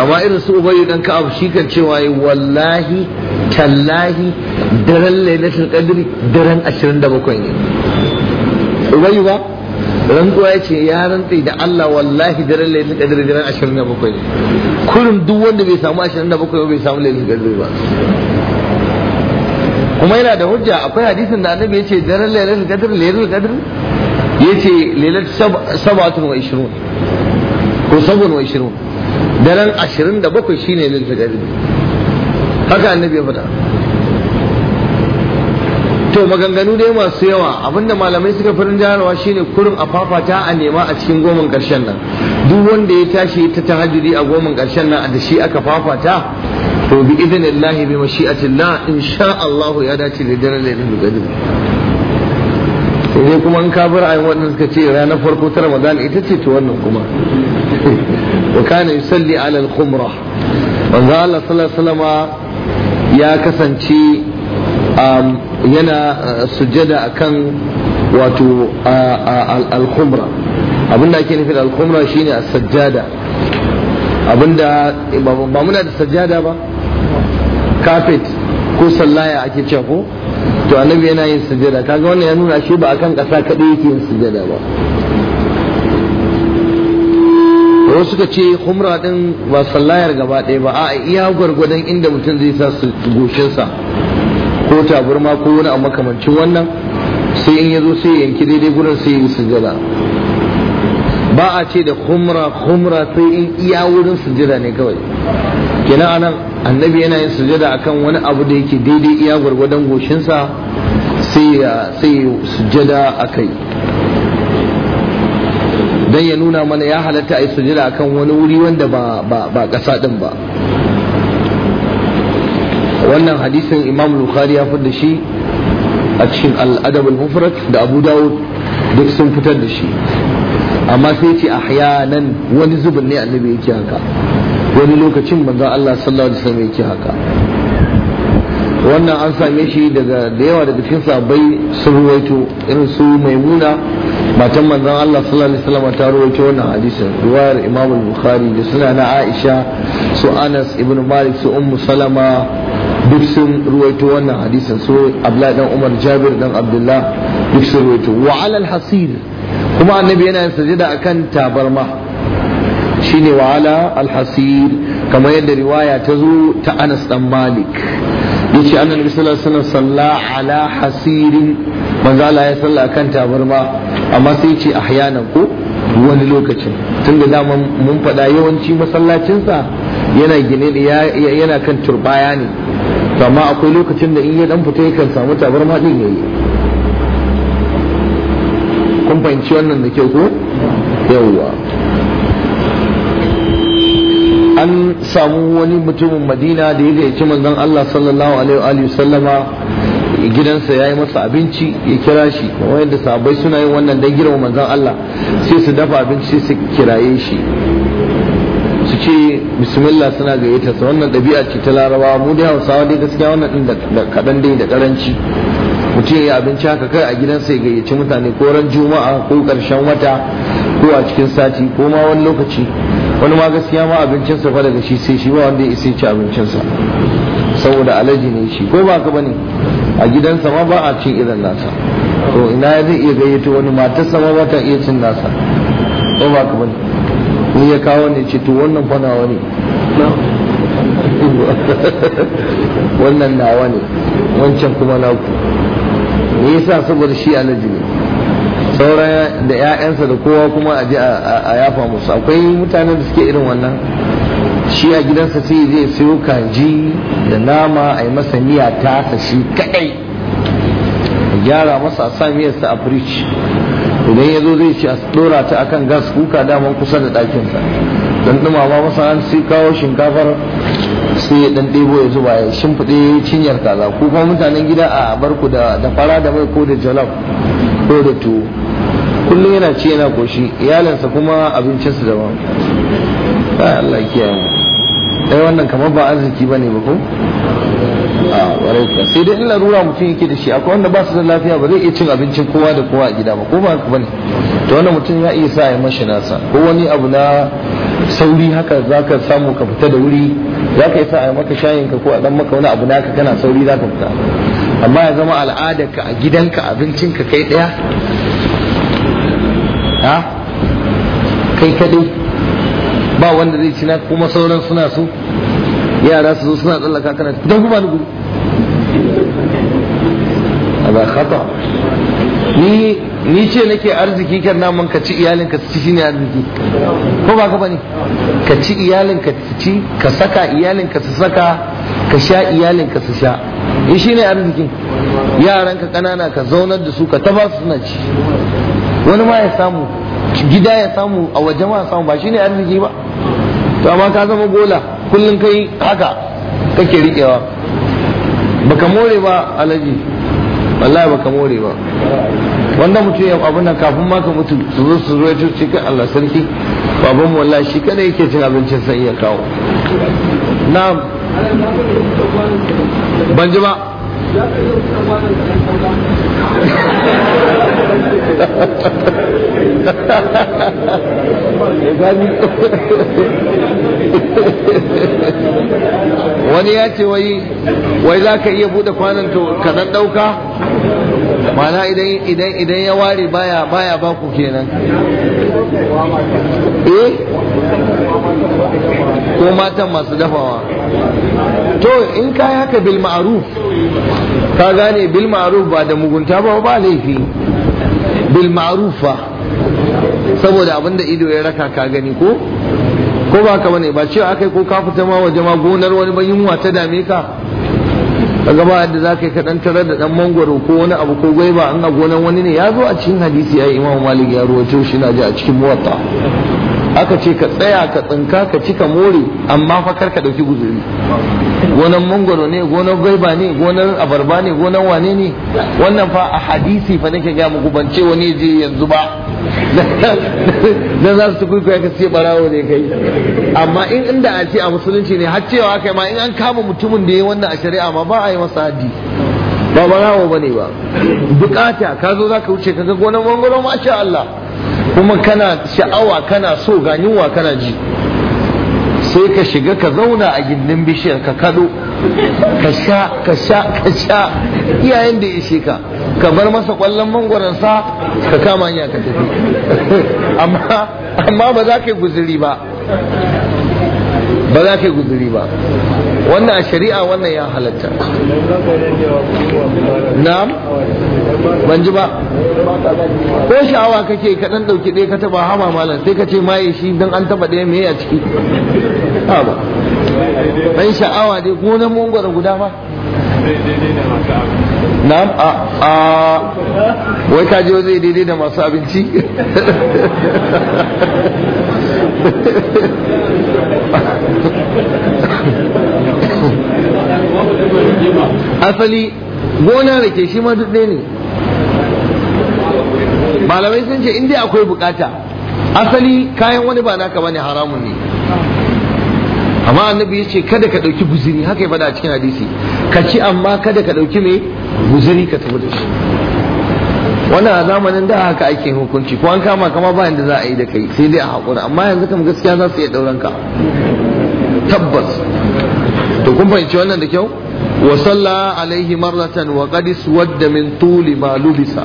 amma irin su ubayi dan abu shi kan cewa wallahi tallahi daren lailatul qadr daren 27 ne ubayi ba rantsuwa ya ce ya rantsi da Allah wallahi daren lailatul qadr daren 27 ne kurin duk wanda bai samu 27 ba bai samu lailatul qadr ba kuma yana da hujja akwai hadisin da annabi yace daren lailatul qadr lailatul qadr yace lailatul 27 ko 27 daren 27 shine lailatul qadr haka annabi ya faɗa to maganganu dai masu yawa abinda malamai suka farin jarawa shine kurin a fafata a nema a cikin goman karshen nan duk wanda ya tashi ta tahajjudi a goman karshen nan da shi aka fafata to bi idinillahi bi mashi'atillah insha Allah ya dace da daren lailatul qadr sai kuma in kafir ayi wannan suka ce ranar farko ta Ramadan ita ce ta wannan kuma wa kana yusalli ala al-khumra manzo Allah sallallahu alaihi ya kasance um, yana uh, sujjada akan wato uh, uh, al-khumra abinda ake nufi da al-khumra shine as-sajjada abinda ba muna da sajjada ba kafet ko sallaya ake cewa ko to annabi yana yin sujada kaga wannan ya nuna shi ba akan kasa kadai yake yin sujada ba ko suka ce humra din ba sallayar gaba ɗaya ba a iya gwargwadon inda mutum zai sa su goshinsa ko taburma ko wani a makamancin wannan sai in ya zo sai yanki daidai gurin sai yi sujada ba a ce da khumra khumra sai in iya wurin sujada ne kawai kenan anan annabi yana yin sujada akan wani abu da yake daidai iya gwargwadon goshinsa sai sai sujada akai dan ya nuna mana ya halatta a yi sujada akan wani wuri wanda ba ba ba kasa din ba wannan hadisin imam bukhari ya fi da shi a cikin al-adab al-mufrad da abu dawud duk sun fitar da shi amma sai ce a haya nan wani zubin ne annabi yake haka wani lokacin manzon Allah sallallahu alaihi wasallam yake haka wannan an same shi daga da yawa daga cikin sabai sun ruwaito irin su maimuna matan manzon Allah sallallahu alaihi wasallam ta ruwaito wannan hadisin riwayar Imam bukhari da suna na Aisha su Anas ibn Malik su Ummu Salama duk sun ruwaito wannan hadisin su Abdullahi dan Umar Jabir dan Abdullah duk sun ruwaito wa alal hasir kuma annabi yana yin a akan tabarma shine wahala ala alhasir kamar yadda riwaya ta zo ta Anas dan Malik yace annabi sallallahu alaihi wasallam salla ala hasirin manzo Allah ya salla akan tabarma amma sai yace ahyanan ko wani lokacin tunda da mun faɗa yawanci masallacinsa yana gine yana kan turbaya ne amma akwai lokacin da in ya dan fita yakan samu tabarma din yayi kun fahimci wannan da ke ko yawwa an samu wani mutumin madina da ya gayyaci manzon Allah sallallahu alaihi wa sallama gidansa ya yi masa abinci ya kira shi kuma yadda sahabbai suna yin wannan dan girma manzon Allah sai su dafa abinci sai su kiraye shi su ce bismillah suna gayyata sa wannan ɗabi'a ce ta larabawa mu dai hausawa dai gaskiya wannan din da kaɗan dai da ƙaranci mutum ya abinci haka kai a gidansa ya gayyaci mutane ko ran juma'a ko karshen wata ko a cikin sati ko ma wani lokaci wani ma gaskiya ma abincinsa fa daga shi sai shi ba wanda ya isa ci abincinsa saboda alaji ne shi ko ba ka bane a gidansa ma ba a cin irin nasa to ina zai iya gayyato wani matarsa ma ba ta iya cin nasa ko ba ka bane ni ya kawo ne ce to wannan fa nawa ne wannan nawa ne wancan kuma naku me yasa saboda shi alaji ne saura da 'ya'yansa da kowa kuma a je a yafa musu akwai mutanen da suke irin wannan shi a gidansa sai zai siyo kaji da nama a yi masa miya ta ta shi kadai a gyara masa a sa miyarsa a fridge idan ya zo zai ce a dora ta akan gas kuka damar kusa da ɗakinsa dan ba masa sai kawo shinkafar sai ya dan ɗebo ya zuba ya shimfiɗe cinyar kaza ko kuma mutanen gida a bar ku da fara da mai ko da jalaf ko da tuwo kullum yana ci yana koshi iyalinsa kuma abincinsu daban ai Allah kiyaye mu dai wannan kamar ba arziki bane ba ko a warai sai dai in larura mutum yake da shi akwai wanda ba su da lafiya ba zai iya cin abincin kowa da kowa a gida ba ko ba ka bane to wannan mutum ya iya sa ya mashi nasa ko wani abu na sauri haka za ka samu ka fita da wuri za ka yi sa a maka shayin ka ko a dan maka wani abu naka kana sauri za ka fita amma ya zama al'adar ka a gidanka abincin ka kai daya ha kai kadai ba wanda zai ci na kuma sauran suna so yara su zo suna tsallaka kana dan kuma ni gudu khata ni ni ce nake arziki kan namun ka ci iyalin ka ci shine arziki ko ba ka bane ka ci iyalin ka ci ka saka iyalin ka su saka ka sha iyalin ka su sha in eh, shine arzikin yaran ka kanana ka zaunar da su ka ta su suna ci wani ma ya samu gida ya samu a waje ma samu ba shine arziki ba to amma ka zama gola kullum kai haka kake riƙewa baka more ba alaji wallahi baka more ba wannan mutum ya abin nan kafin maka ka mutu su zo su zo ce cikin Allah sarki baban wallahi shi kada yake cin abincin sai ya kawo na ban ji ba wani ya ce wai wai za ka iya buɗe kwanan to ka dan ɗauka mana idan idan ya ware baya baya ba ku kenan eh ko matan masu dafawa to in ka haka bil ma'ruf ka gane bil ma'ruf ba da mugunta ba ba laifi bil ma'rufa saboda abinda ido ya raka ka gani ko ko ba ka bane ba cewa akai ko ka fita ma waje ma gonar wani ba yunwa ta dame ka kaga ba yadda zaka yi ka dan tarar da dan mangoro ko wani abu ko gwaiba an a gonar wani ne ya zo a cikin hadisi ya imamu Malik ya rawaito shi na ji a cikin muwatta aka ce ka tsaya ka tsinka ka ci ka more amma fa kar ka dauki guzuri gonar mangoro ne gonar gwaiba ne gonar abarba ne gonar wane ne wannan fa a hadisi fa nake ga muku ban ce wani je yanzu ba Na za su ta ya ka siya barawo ne kai amma in inda a ce a musulunci ne har cewa kai ma in an kama mutumin da ya wannan a shari'a ma ba a yi masa haddi ba barawo bane ba bukata ka zo za ka wuce ka ga gonar mangoro ma sha Allah kuma kana sha'awa kana so ga yunwa kana ji sai ka shiga ka zauna a gindin bishiyar ka kado ka sha ka sha ka sha iyayen da ya ishe ka ka bar masa kwallon mangwaransa ka kama hanya ka tafi amma ba za ka yi guziri ba ba za ka yi guziri ba wannan a shari'a wannan ya halatta na'am ban ji ba ko sha'awa kake ka dan dauki ɗaya ka taba hama malam sai ka ce maye shi dan an taba ɗaya me a ciki ba ban sha'awa dai ko na mangwaro guda ba na'am a a wai ka zai daidai da masu abinci asali gona da ke shi ma duk ne malamai sun ce in dai akwai bukata asali kayan wani ba naka bane haramun ne amma annabi ya ce kada ka ɗauki guzuri haka ya faɗa a cikin hadisi ka ci amma kada ka ɗauki mai guzuri ka tafi da shi wannan a zamanin da haka ake hukunci ko an kama kama ba yanda za a yi da kai sai dai a haƙura amma yanzu kam gaskiya za su iya ɗauran ka tabbas to kun fahimci wannan da kyau wa salla alaihi marratan wa qad wadda min tuli ma lubisa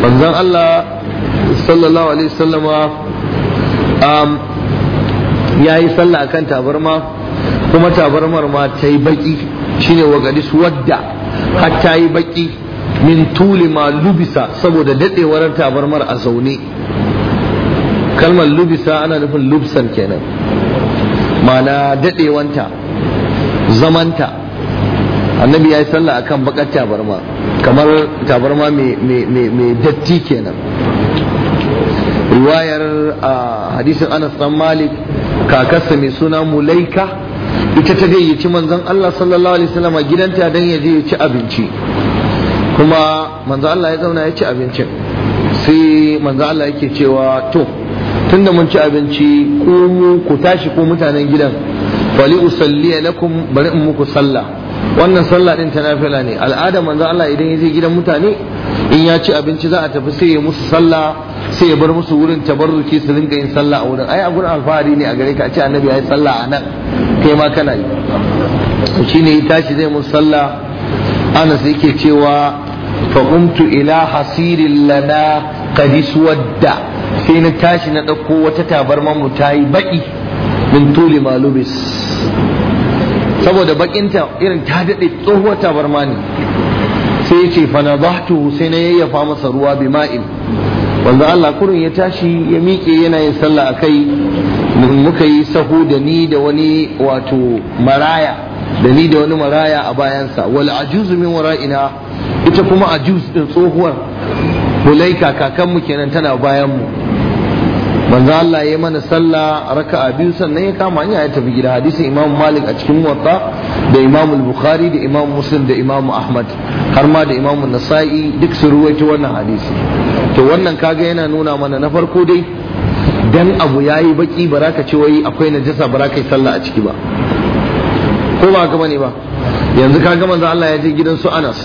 manzon Allah sallallahu alaihi wasallama um, ya yi sallah kan tabarma kuma tabarmar ma ta yi baki shine wagadis wadda har ta yi baki min tuli ma lubisa saboda dadewar tabarmar a zaune kalmar lubisa ana nufin lubsan kenan ma'ana dadewanta zamanta annabi ya yi sallah kan bakar tabarma kamar tabarma mai datti kenan riwayar ah, hadisin anas dan malik kakarsa mai suna mulaika ita ta yaci manzan Allah sallallahu alaihi wasallam gidanta dan ya je ya ci abinci kuma manzon Allah ya zauna ya ci abincin sai manzon Allah yake cewa to tunda mun ci abinci ku ku tashi ko mutanen gidan fali usalli lakum bari in muku sallah wannan sallah din ta nafila ne al'ada manza Allah idan ya je gidan mutane in ya ci abinci za a tafi sai ya musu sallah sai ya bar musu wurin tabarruki su rinka yin sallah a wurin ai a gurin alfahari ne a gare ka a ce annabi yayi sallah a nan kai ma kana yi to shine ya tashi zai mu sallah Anas yake cewa fa qumtu ila hasirin lana qad wadda sai na tashi na dauko wata tabarma mu tayi baki min tuli malubis saboda ta irin ta dade tsohuwar tabarma ne sai ya ce fa nadahtu sai na yayyafa masa ruwa bima'in wanda Allah kurin ya tashi ya miƙe yana yin sallah a kai muka yi sahu da ni da wani wato maraya da ni da wani maraya a bayansa wal ajuzu min wara'ina ita kuma ajuz din tsohuwar hulaika kakanmu kenan tana bayan mu manzo Allah ya mana sallah raka'a biyu sannan ya kama hanya ya tafi gida hadisin Imam Malik a cikin Muwatta da imam bukhari da imam muslim da imam ahmad har ma da imam nasa'i duk su ruwaito wannan hadisi to wannan kaga yana nuna mana na farko dai dan abu yayi baki baraka ce wai akwai najasa baraka yi sallah a ciki ba ko ba haka bane ba yanzu kaga manzo Allah ya je gidan su Anas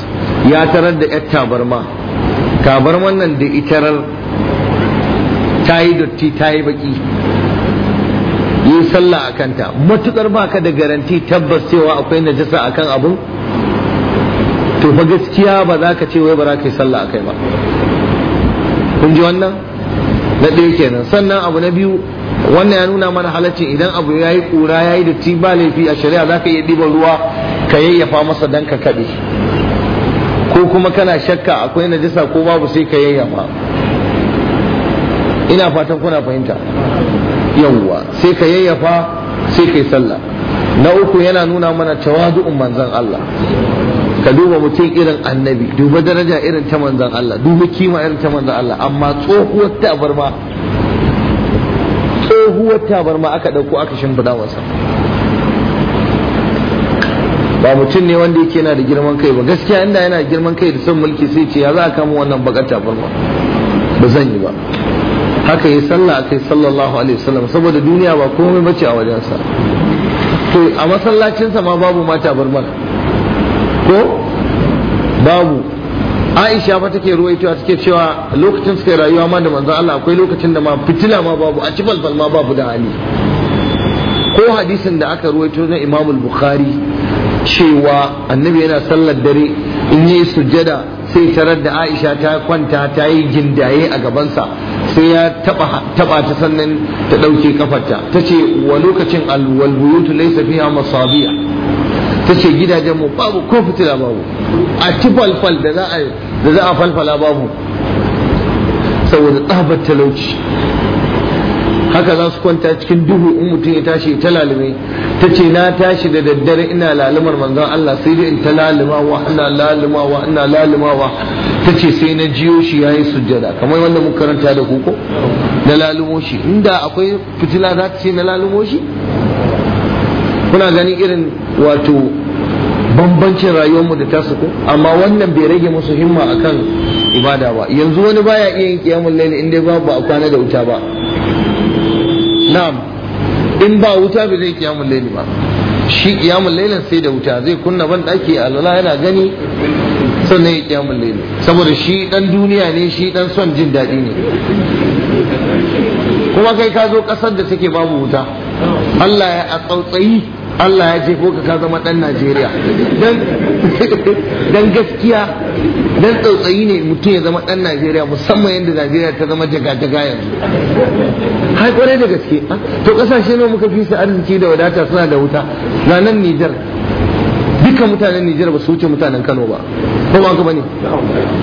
ya tarar da yar tabarma tabarman nan da itarar tayi yi dotti ta baki yi sallah a kanta matukar baka da garanti tabbas cewa akwai najasa kan abu to fa gaskiya ba za ka ce wai ba za ka yi sallah a kai ba kun ji wannan na ɗaya kenan sannan abu na biyu wannan ya nuna mana halaccin idan abu ya yi ƙura ya yi datti ba laifi a shari'a za ka iya ɗiban ruwa ka yayyafa masa dan ka kaɗe ko kuma kana shakka akwai najasa ko babu sai ka yayyafa ina fatan kuna fahimta yawwa sai ka yayyafa sai ka yi sallah na uku yana nuna mana tawadu'un manzon Allah ka duba mutum irin annabi duba daraja irin ta manzon Allah duba kima irin ta manzon Allah amma tsohuwar tabarma tsohuwar tabarma aka dauko aka shimfida masa ba mutum ne wanda yake yana da girman kai ba gaskiya inda yana da girman kai da son mulki sai ce ya za a kama wannan bakar tabarma ba zan yi ba haka yi sallah akai sallallahu alaihi wasallam saboda duniya ba komai bace a wajensa to a masallacinsa ma babu mata barbar ko babu Aisha ba take a take cewa lokacin suka rayuwa ma da manzon Allah akwai lokacin da ma fitila ma babu a ci balbal ma babu da hali ko hadisin da aka ruwaito na Imam Bukhari cewa annabi yana sallar dare in yi sujjada sai tarar da aisha ta kwanta ta yi gindaye a gabansa sai ya taba ta sannan ta ɗauke kafarta ta ce wa lokacin alwalbuyutu laisa fiya masabiya ta ce gidajen mu babu ko fitila babu a ci falfal da za a falfala babu saboda tsabar talauci haka za su kwanta cikin duhu in mutum ya tashi ta lalume ta ce na tashi da daddare ina lalumar manzon Allah sai dai in ta lalumawa ina lalumawa ina lalumawa ta ce sai na jiyo shi ya yi sujjada kamar wanda muka karanta da koko na lalumo shi inda akwai fitila za ta ce na lalumo shi kuna ganin irin wato bambancin rayuwarmu da tasu ko amma wannan bai rage musu himma akan ibada ba yanzu wani baya iya yin kiyamul laili inda babu a kwana da wuta ba na'am in ba wuta ba zai kiyamun laili ba shi kiyamun lailin sai da wuta zai kunna ban daki alala yana gani sannan ya kiyamun laili saboda shi ɗan duniya ne shi ɗan son jin daɗi ne kuma kai ka zo ƙasar da take babu wuta Allah ya a tsautsayi Allah ya ce ka ka zama ɗan Najeriya dan gaskiya dan tsautsayi ne mutum ya zama ɗan Najeriya musamman yadda Najeriya ta zama jaga-jaga yanzu hai kwarai da gaske ah, to kasashe ne muka fi su arziki da wadata suna da wuta ga nan Nijar dukkan mutanen Nijar ba su wuce mutanen Kano ba ko ba ka bane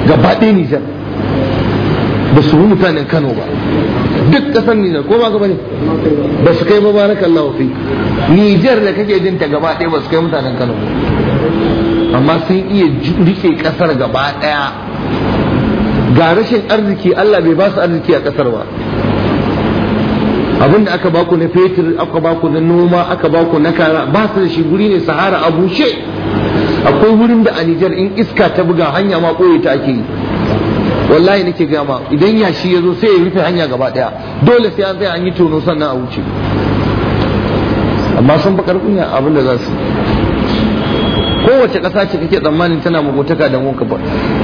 gaba ɗaya Nijar ba su mutanen Kano ba duk ƙasar Nijar ko ba ka ne? ba su kai ba barakallahu fi Nijar da kake jin ta gaba ɗaya ba su kai mutanen Kano amma sun iya rike ƙasar gaba ɗaya ga rashin arziki Allah bai ba su arziki a ƙasar ba abin da aka baku na fetur aka baku na noma aka baku na kara ba su da shi guri ne sahara a bushe akwai wurin da a Nijar in iska ta buga hanya ma koyi ta ake yi wallahi nake gama idan yashi ya zo sai ya rufe hanya gaba ɗaya dole sai an tsaya an yi tono sannan a wuce amma sun fi karfin za su kowace ƙasa ce kake tsammanin tana mugutaka da ba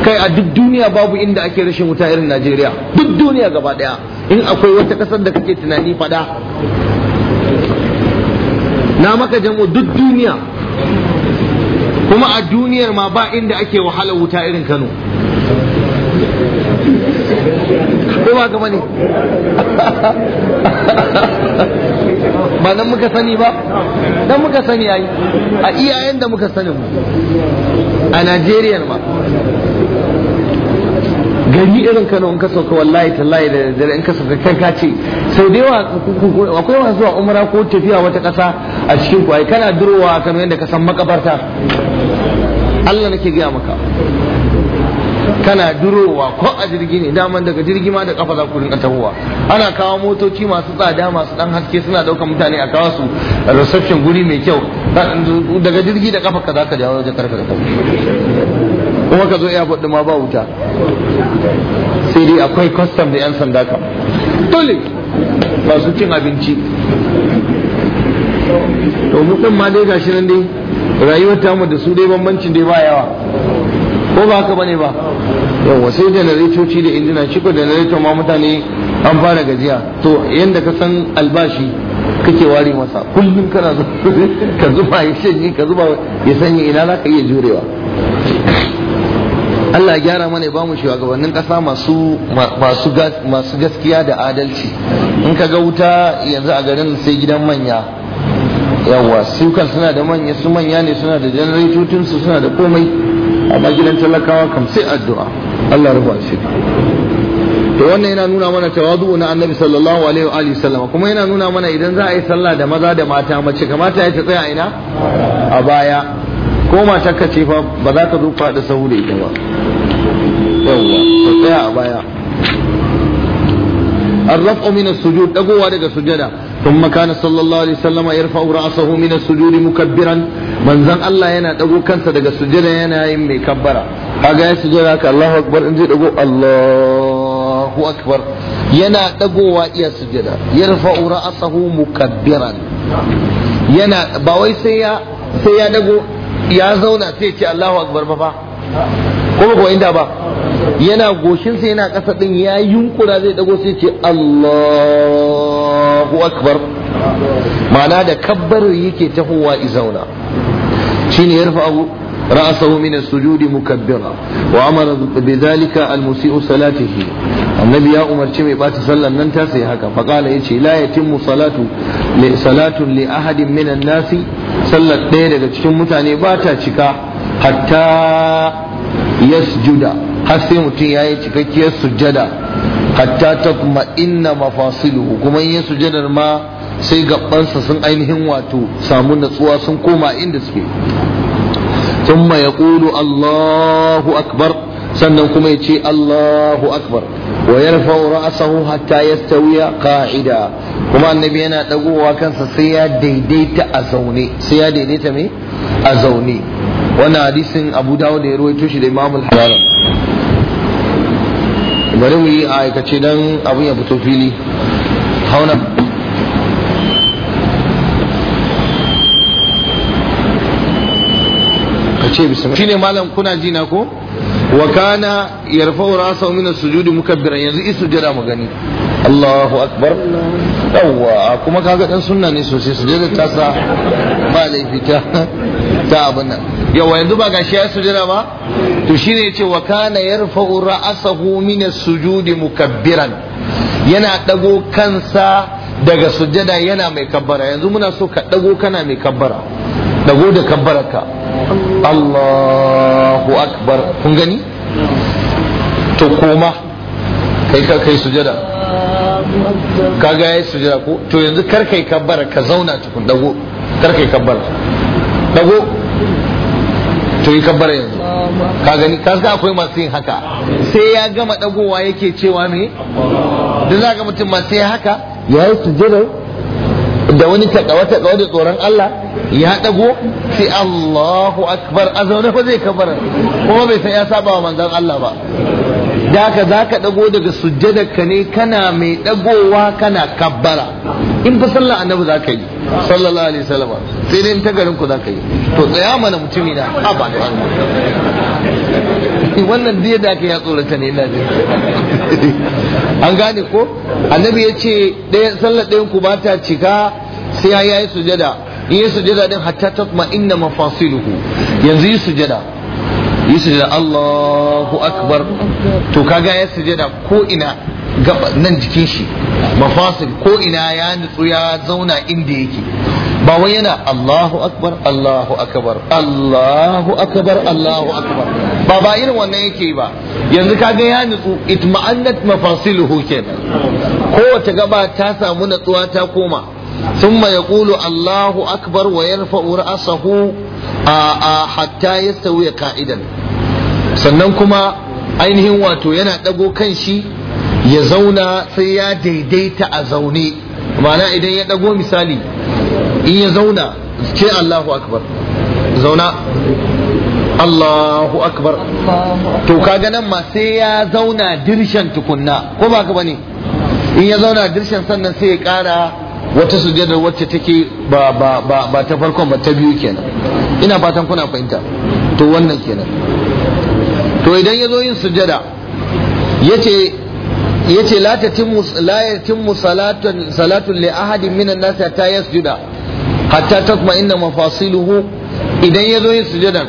kai a duk duniya babu inda ake rashin wuta irin najeriya duk duniya gaba daya in akwai wata kasar da kake tunani fada na maka jam'o duk duniya kuma a duniyar ma ba inda ake wahala wuta irin kano ko ba gaba ne ba nan muka sani ba dan muka sani ai a iyayen da muka sani mu a Najeriya ma gari irin Kano in ka sauka wallahi tallahi da dare in ka sauka kan ka ce sau da yawa akwai wasu zuwa umra ko tafiya wata ƙasa a cikin ku ai kana durowa Kano yanda ka san makabarta Allah nake gaya maka kana durowa ko a jirgi ne daman daga jirgi ma da kafa za ku rinka tahowa ana kawo motoci masu tsada masu dan haske suna daukar mutane a kawo su reception guri mai kyau daga jirgi da kafa ka za ka jawo wajen karfe da kuma ka zo airport ma ba wuta sai dai akwai custom da yan sanda ka dole masu cin abinci to mutum ma dai gashi nan dai rayuwar tamu da su dai bambancin dai ba yawa ko ba haka bane ba yawa sai janaretoci da injina shi ko janareto ma mutane an fara gajiya to yadda ka san albashi kake wari masa kullum kana ka zuba ya shanye ka zuba ya sanya ina za ka iya jurewa Allah gyara mana ya bamu shugabannin kasa masu masu gaskiya da adalci in ka ga wuta yanzu a garin sai gidan manya yawwa su kan suna da manya su manya ne suna da janaretocinsu suna da komai amma gidan talakawa kam sai addu'a Allah rufa shi to wannan yana nuna mana tawadu na annabi sallallahu alaihi wa alihi wasallam kuma yana nuna mana idan za a yi sallah da maza da mata mace kamata ya ta tsaya ina a baya ko matarka ce fa ba za ka zo faɗi saboda ita ba yawwa ta tsaya a baya الرفع من السجود دغوا daga سجدا ثم كان صلى الله عليه وسلم يرفع رأسه من السجود مكبرا manzon Allah yana dago kansa daga sujjada yana yin mai kabbara kaga ya sujjada ka Allahu akbar in zai dago Allahu akbar yana dagowa iya sujjada yarfa'u ra'sahu mukabbiran yana ba wai sai ya sai ya dago ya zauna sai ce Allahu akbar ba fa kuma ko inda ba yana goshinsa yana ƙasa din ya yunkura zai dago sai ce Allahu akbar ma'ana da kabbaro yake tahowa izauna shine yarfa'u ra'asahu min as-sujud mukabbira wa amara bi dhalika al-musi'u salatihi annabi ya umarci mai bata sallan nan ta sai haka fa qala yace la yatimmu salatu li ahadin min nasi. nas ɗaya daga cikin mutane bata cika hatta yasjuda har sai mutum yayi cikakkiyar sujjada hatta takma inna mafasiluhu kuma yin sujjadar ma sai gabansa sun ainihin wato samu natsuwa sun koma inda suke ya يقول allahu akbar sannan kuma ya ce Allahu Akbar wa yarfa'u ra'sahu hatta yastawiya qa'ida kuma annabi yana dagowa kansa sai ya daidaita a zaune sai ya daidaita me a zaune wannan hadisin Abu Dawud da ya rawaito shi da Imam al bari mu yi aikace dan abin ya fito fili hauna ce bismillah shine malam kuna ji na ko wa kana yarfa'u ra'sahu min as-sujudi mukabbiran yanzu isujada mu gani Allahu akbar yawwa kuma kaga dan sunna ne sosai sujada ta sa ba laifi ta ta abin nan yawa yanzu ba gashi ya sujada ba to shine yace wa kana yarfa'u ra'sahu min as-sujudi mukabbiran yana dago kansa daga sujada yana mai kabbara yanzu muna so ka dago kana mai kabbara dago da ka. Allahu akbar kun gani to koma kai ka kai sujada ka ga yayi sujada ko to yanzu kar kai kabbara ka zauna tukun dago kar kai kabbara dago to yi kabbara yanzu ka gani ka ga akwai masu yin haka sai ya gama dagowa yake cewa me dan zaka mutum ma sai haka yayi sujada da wani takawa takawa da tsoron Allah ya dago sai Allahu akbar a zaune ba zai kabar kuma bai san ya saba wa manzan Allah ba da haka ka dago daga sujjadarka ne kana mai dagowa kana kabbara in fa sallah annabi ka yi sallallahu alaihi wasallam sai dai in ta garin ku ka yi to tsaya mana mutumi na haba wannan dai da ka ya tsorata ne ina an gane ko annabi ya ce sallar ɗayan ku ba ta cika sai ya yi sujjada. yi sujada din hatta kuma inda mafasiluhu yanzu yi sujada yi sujada Allahu akbar to kaga ya sujada ko ina gaba nan jikin shi mafasil ko ina ya nutsu ya zauna inda yake ba wai yana Allahu akbar Allahu akbar Allahu akbar Allahu akbar ba ba irin wannan yake ba yanzu kaga ya nutsu itma'annat mafasiluhu kenan kowace gaba ta samu natsuwa ta koma ya Allahu ثم يقول الله أكبر ويرفع رأسه حتى يستوي ka'idan. sannan kuma ainihin wato yana ɗago kan shi ya zauna sai ya daidaita a zaune ma'ana idan ya ɗago misali in ya zauna ce Allahu akbar zauna Allahu akbar to kaga nan ma sai ya zauna dirshan tukunna ko ba ka bane in ya zauna dirshan sannan sai ya ƙara wata sujjadar wacce take ba ba ba ba ta farkon ba ta biyu kenan ina fatan kuna fahimta to wannan kenan to idan ya zo yin sujjada yace ce la tatimmu la yatimmu salatun minan li ahadin minan nas hatta yasjuda hatta takma inna mafasiluhu idan ya zo yin sujjadan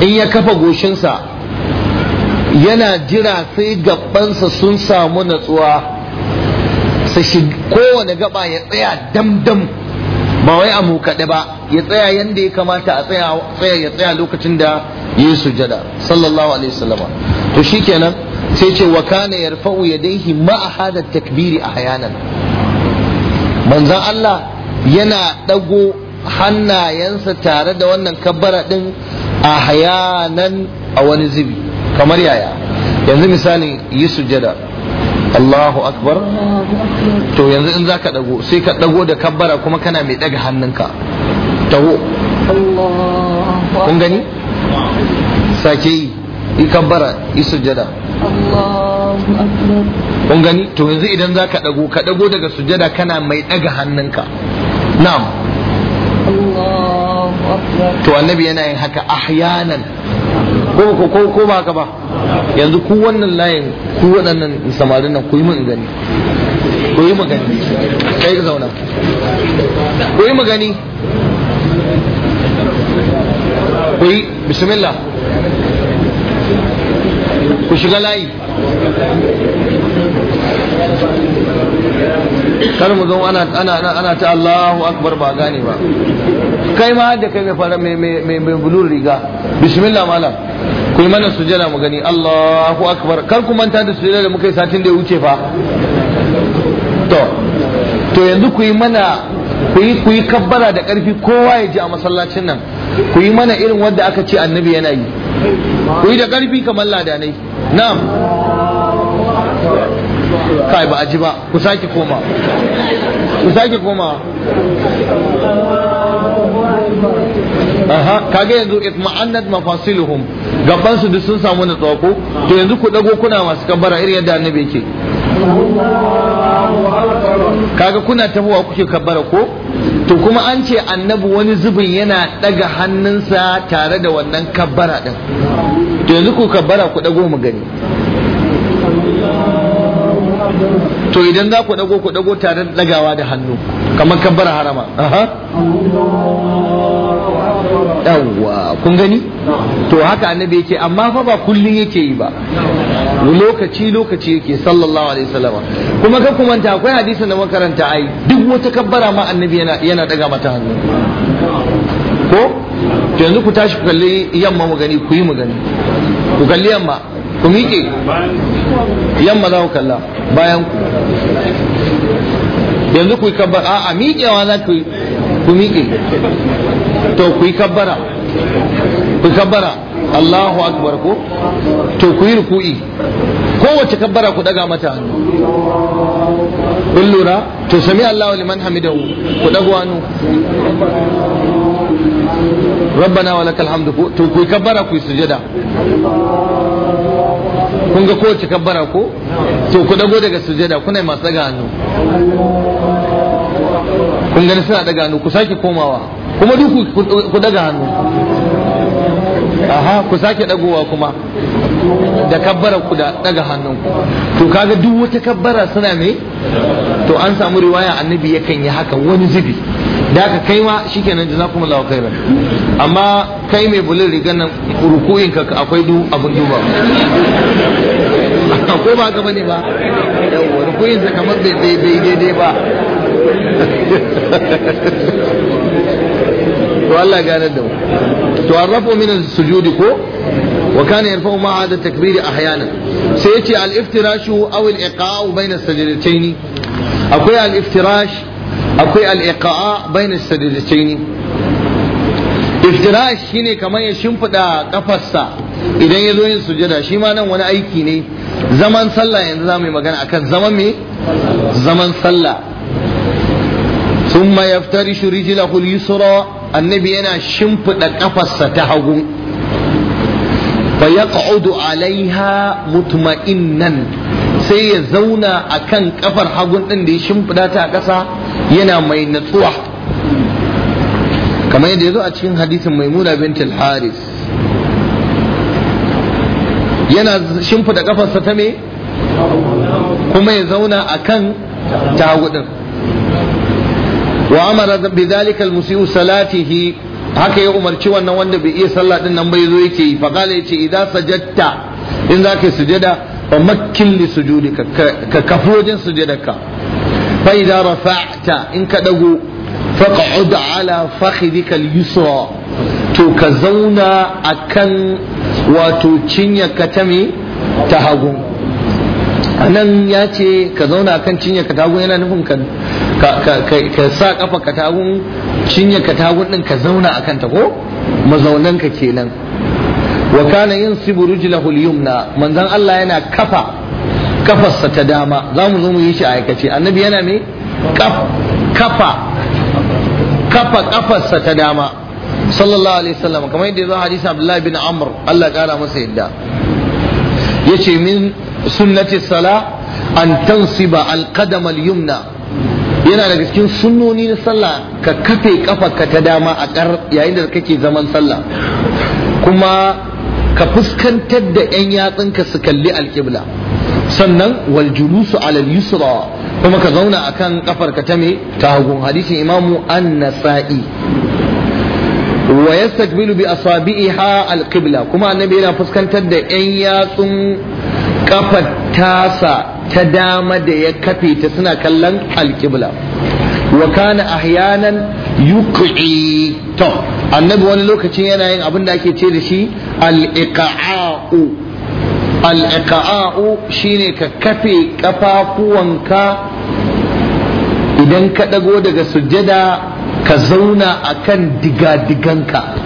in ya kafa goshinsa yana jira sai gabansa sun samu natsuwa shi kowane gaba ya tsaya damdam ba wai a mukaɗe ba ya tsaya yadda ya kamata a tsaya ya tsaya lokacin da ya yi sujada sallallahu alaihi salama. to shi kenan sai ce wa kana yarfa'u yadayhi ma'a hada takbiri a hayanan manzon Allah yana ɗago hannayensa tare da wannan kabbara a hayanan a wani zubi kamar yaya yanzu misali yi sujada Allahu akbar to yanzu in zaka dago sai ka dago da kabbara kuma kana mai daga hannunka taho kun gani sake yi yi kabbara yi sujada kun gani to yanzu idan zaka dago ka dago daga sujada kana mai daga hannunka na'am to annabi yana yin haka ahyanan ko ko ba haka ba yanzu ku wannan layin ku waɗannan samarin nan ku yi mun gani ku yi magani sai ka zauna ku yi magani ku yi bismillah ku shiga layi kar mu zo ana ana ana ta Allahu akbar ba gane ba kai ma da kai mai fara mai mai mai bulur riga bismillah malam ku mana sujada mu gani Allahu akbar kar ku manta da sujada da muka yi satin da ya wuce fa to to yanzu ku yi mana ku yi ku yi kabbara da karfi kowa ya ji a masallacin nan ku yi mana irin wanda aka ce annabi yana yi ku yi da karfi kamar ladanai na'am kai ba aji ba ku sake koma ku sake koma aha kage yanzu itma'annat mafasiluhum gaban su duk sun samu na ko to yanzu ku dago kuna masu kabbara irin yadda annabi yake kaga kuna tafowa kuke kabbara ko to kuma an ce annabi wani zubin yana daga hannunsa tare da wannan kabbara din to yanzu ku kabbara ku dago mu gani to idan za ku dago ku dago tare da dagawa da hannu kamar kabbara harama aha yawwa kun gani to haka annabi yake amma fa ba kullun yake yi ba lokaci lokaci yake sallallahu alaihi wasallam kuma ka ta akwai hadisi da makaranta ai duk wata kabbara ma annabi yana yana daga mata hannu ko to yanzu ku tashi ku kalli yamma mu gani ku yi mu gani ku kalli yamma ku miƙe yamma za ku kalla bayan ku yanzu ku yi kabbara a miƙewa za ku yi ku miƙe to ku yi kabbara ku kabbara Allahu akbar ko to ku yi ruku'i kowace kabbara ku daga mata hannu kun lura to sami Allahu liman hamidahu ku dago hannu rabbana wa lakal hamdu to ku yi kabbara ku yi sujada kun ga kowace kabbara ko to ku dago daga sujada kuna masu daga hannu kun gani suna daga hannu ku sake komawa kuma duk ku daga hannu aha ku sake dagowa kuma da kabbara ku da daga hannun ku to kaga duk wata kabbara suna mai to an samu riwaya annabi yakan yi haka wani zubi da aka kai ma shikenan jazakumullahu khairan amma kai mai bulin rigar nan rukuin ka akwai du abun duba Akwai ba gaba ne ba yawa rukuyin sa kamar bai daidai ba to Allah gane da mu to arrafu min sujudi ko wa kana yarfa'u ma'a da takbiri ahyana sai yace al iftirashu aw al iqa'u bayna sajdatayn akwai al iftirash akwai al iqa'a bayna sajdatayn iftirash shine kamar ya shimfida kafarsa idan ya zo yin sujada shi ma nan wani aiki ne zaman sallah yanzu za mu yi magana akan zaman me zaman sallah thumma yaftarishu rijlahu al-yusra annabi yana shimfida kafarsa ta hagu fa yaq'udu alaiha mutma'innan sai ya zauna akan kafar hagu din da ya shimfida ta ƙasa yana mai natsuwa kamar yadda ya zo a cikin hadisin maimuna bint al-haris yana shimfida kafarsa ta me kuma ya zauna akan ta hagu din wa amara bidhalika almusiu salatihi haka ya umarci wannan wanda bai iya sallah din nan bai zo yake yi faqala yace idan sajadta in zaka sujada fa makkil li sujudika ka kafu wajen sujadarka fa idan rafa'ta in ka dago faq'ud ala fakhidika al-yusra to ka zauna akan wato cinyarka ta me ta hagu Anan nan ya ce ka zauna kan cinye katagun yana nufin ka sa kafa katagun cinye katagun din ka zauna a ta ko mazaunan ka kenan wa kana yin sibu rijlahu yumna manzon Allah yana kafa kafarsa ta dama za mu zo mu yi shi a aikace annabi yana me kafa kafa kafarsa ta dama sallallahu alaihi wasallam kamar yadda ya zo hadisi Abdullah bin Amr Allah kara masa yadda yace min sunnati sala an tansiba alqadam al-yumna yana daga cikin sunnoni na sallah ka kafe kafarka ta dama a kar yayin da kake zaman sallah kuma ka fuskantar da yan yatsunka su kalli alqibla sannan wal julusu ala yusra kuma ka zauna akan kafarka ta me ta hagun hadisin imamu an-nasa'i wa yastakbilu bi asabi'iha alqibla kuma annabi yana fuskantar da yan yatsun kafar tasa ta dama da ya kafe ta suna kallon alkibla wa kana ahyanan yuqi to annabi wani lokacin yana yin abin da ake ce da shi al-iqa'u al-iqa'u shine ka kafe kafafuwanka idan ka dago daga sujjada ka zauna akan diga-diganka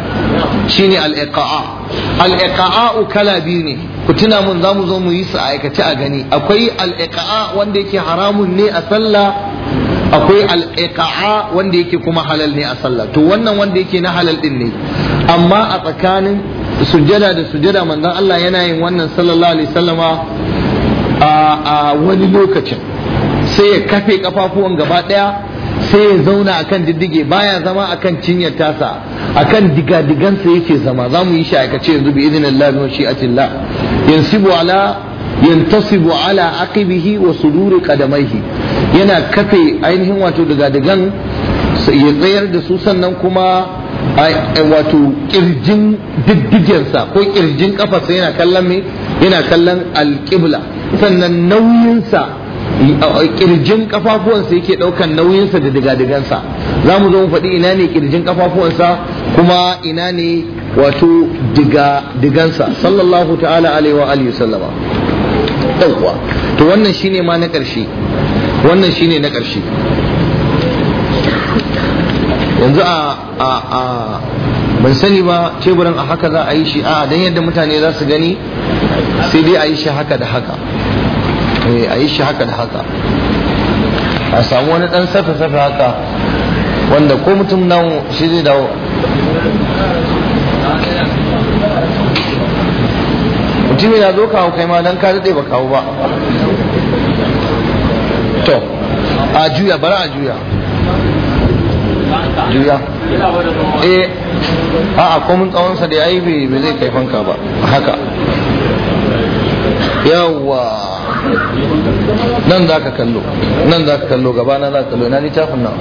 shine al-iqa'a al kala biyu ne ku tuna mun zamu zo mu yi su aikace a gani akwai al wanda yake haramun ne a sallah akwai al-iqa'a wanda yake kuma halal ne a salla to wannan wanda yake na halal din ne amma a tsakanin sujjada da sujjada manzon Allah yana yin wannan sallallahu alaihi wasallama a wani lokacin sai ya kafe kafafuwan gaba daya sai ya zauna a akan diddige baya zama a kan cinyar tasa a akan digadigansa yake zama za mu yi shi aikace yanzu bi idinillah bi mashi'atillah yansibu ala yantasibu ala aqibihi wa suduri qadamaihi yana kafe ainihin wato digadigan ya tsayar da su sannan kuma wato kirjin diddigensa ko kirjin kafarsa yana kallon me yana kallon alƙibla sannan nauyinsa kirjin kafafuwansa yake daukan nauyinsa da digadigansa za mu zo mu faɗi ina ne kirjin kafafuwansa kuma ina ne wato digansa sallallahu ta'ala alaiwa wa sallama ɗauwa to wannan shine ma na ƙarshe wannan shine na ƙarshe yanzu a a a ban sani ba teburin a haka za a yi shi a dan yadda mutane za su gani sai dai a yi shi haka da haka Eh, a yi shi haka da haka a samu wani dan safe-safe haka wanda ko mutum nan shi zai dawo mutum yana zo kawo kai ma dan ka daɗe ba kawo ba to a juya bara a juya juya eh a'a komun tsawonsa da ya yi bai zai kai fanka ba haka yawwa nan za ka kallo nan za ka kallo gabana za ka kallo ina littafin nan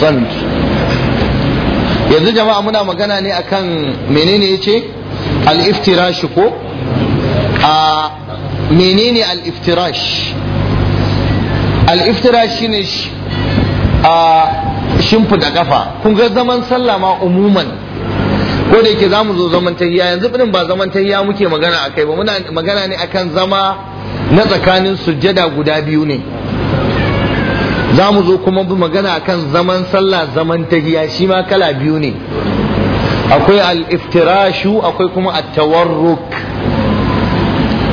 sand yanzu jama'a muna magana ne akan menene ya ce al iftirashi ko a menene al-iftirash al ne shine a shimfida kafa kun ga zaman sallah ma umuman ko da yake zamu zo zaman tahiya yanzu din ba zaman tahiya muke magana akai ba muna magana ne akan zama na tsakanin sujjada guda biyu ne za mu zo kuma magana kan zaman sallah zaman tahiya shi ma kala biyu ne akwai al-iftirashu akwai kuma at-tawarruk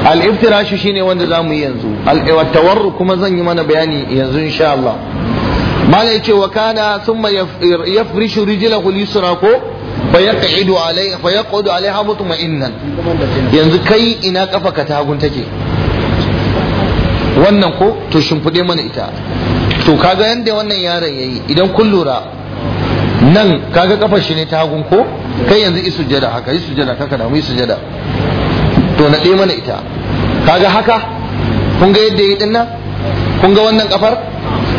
al-iftirashu shine wanda za mu yi yanzu al-tawarruk kuma zan yi mana bayani yanzu insha Allah mala yace wa kana thumma yafrishu rijlahu al ko fa yaqidu alaiha fa mutma'innan yanzu kai ina kafa ka tagun take wannan ko to shimfiɗe mana ita to kaga yadda wannan yaron yayi idan kun lura nan kaga kafar shi ne ta hagun ko kai yanzu isu jada haka yi jada kaka da mu yi sujjada to na ɗaya mana ita kaga haka kun ga yadda yayi din nan kun ga wannan kafar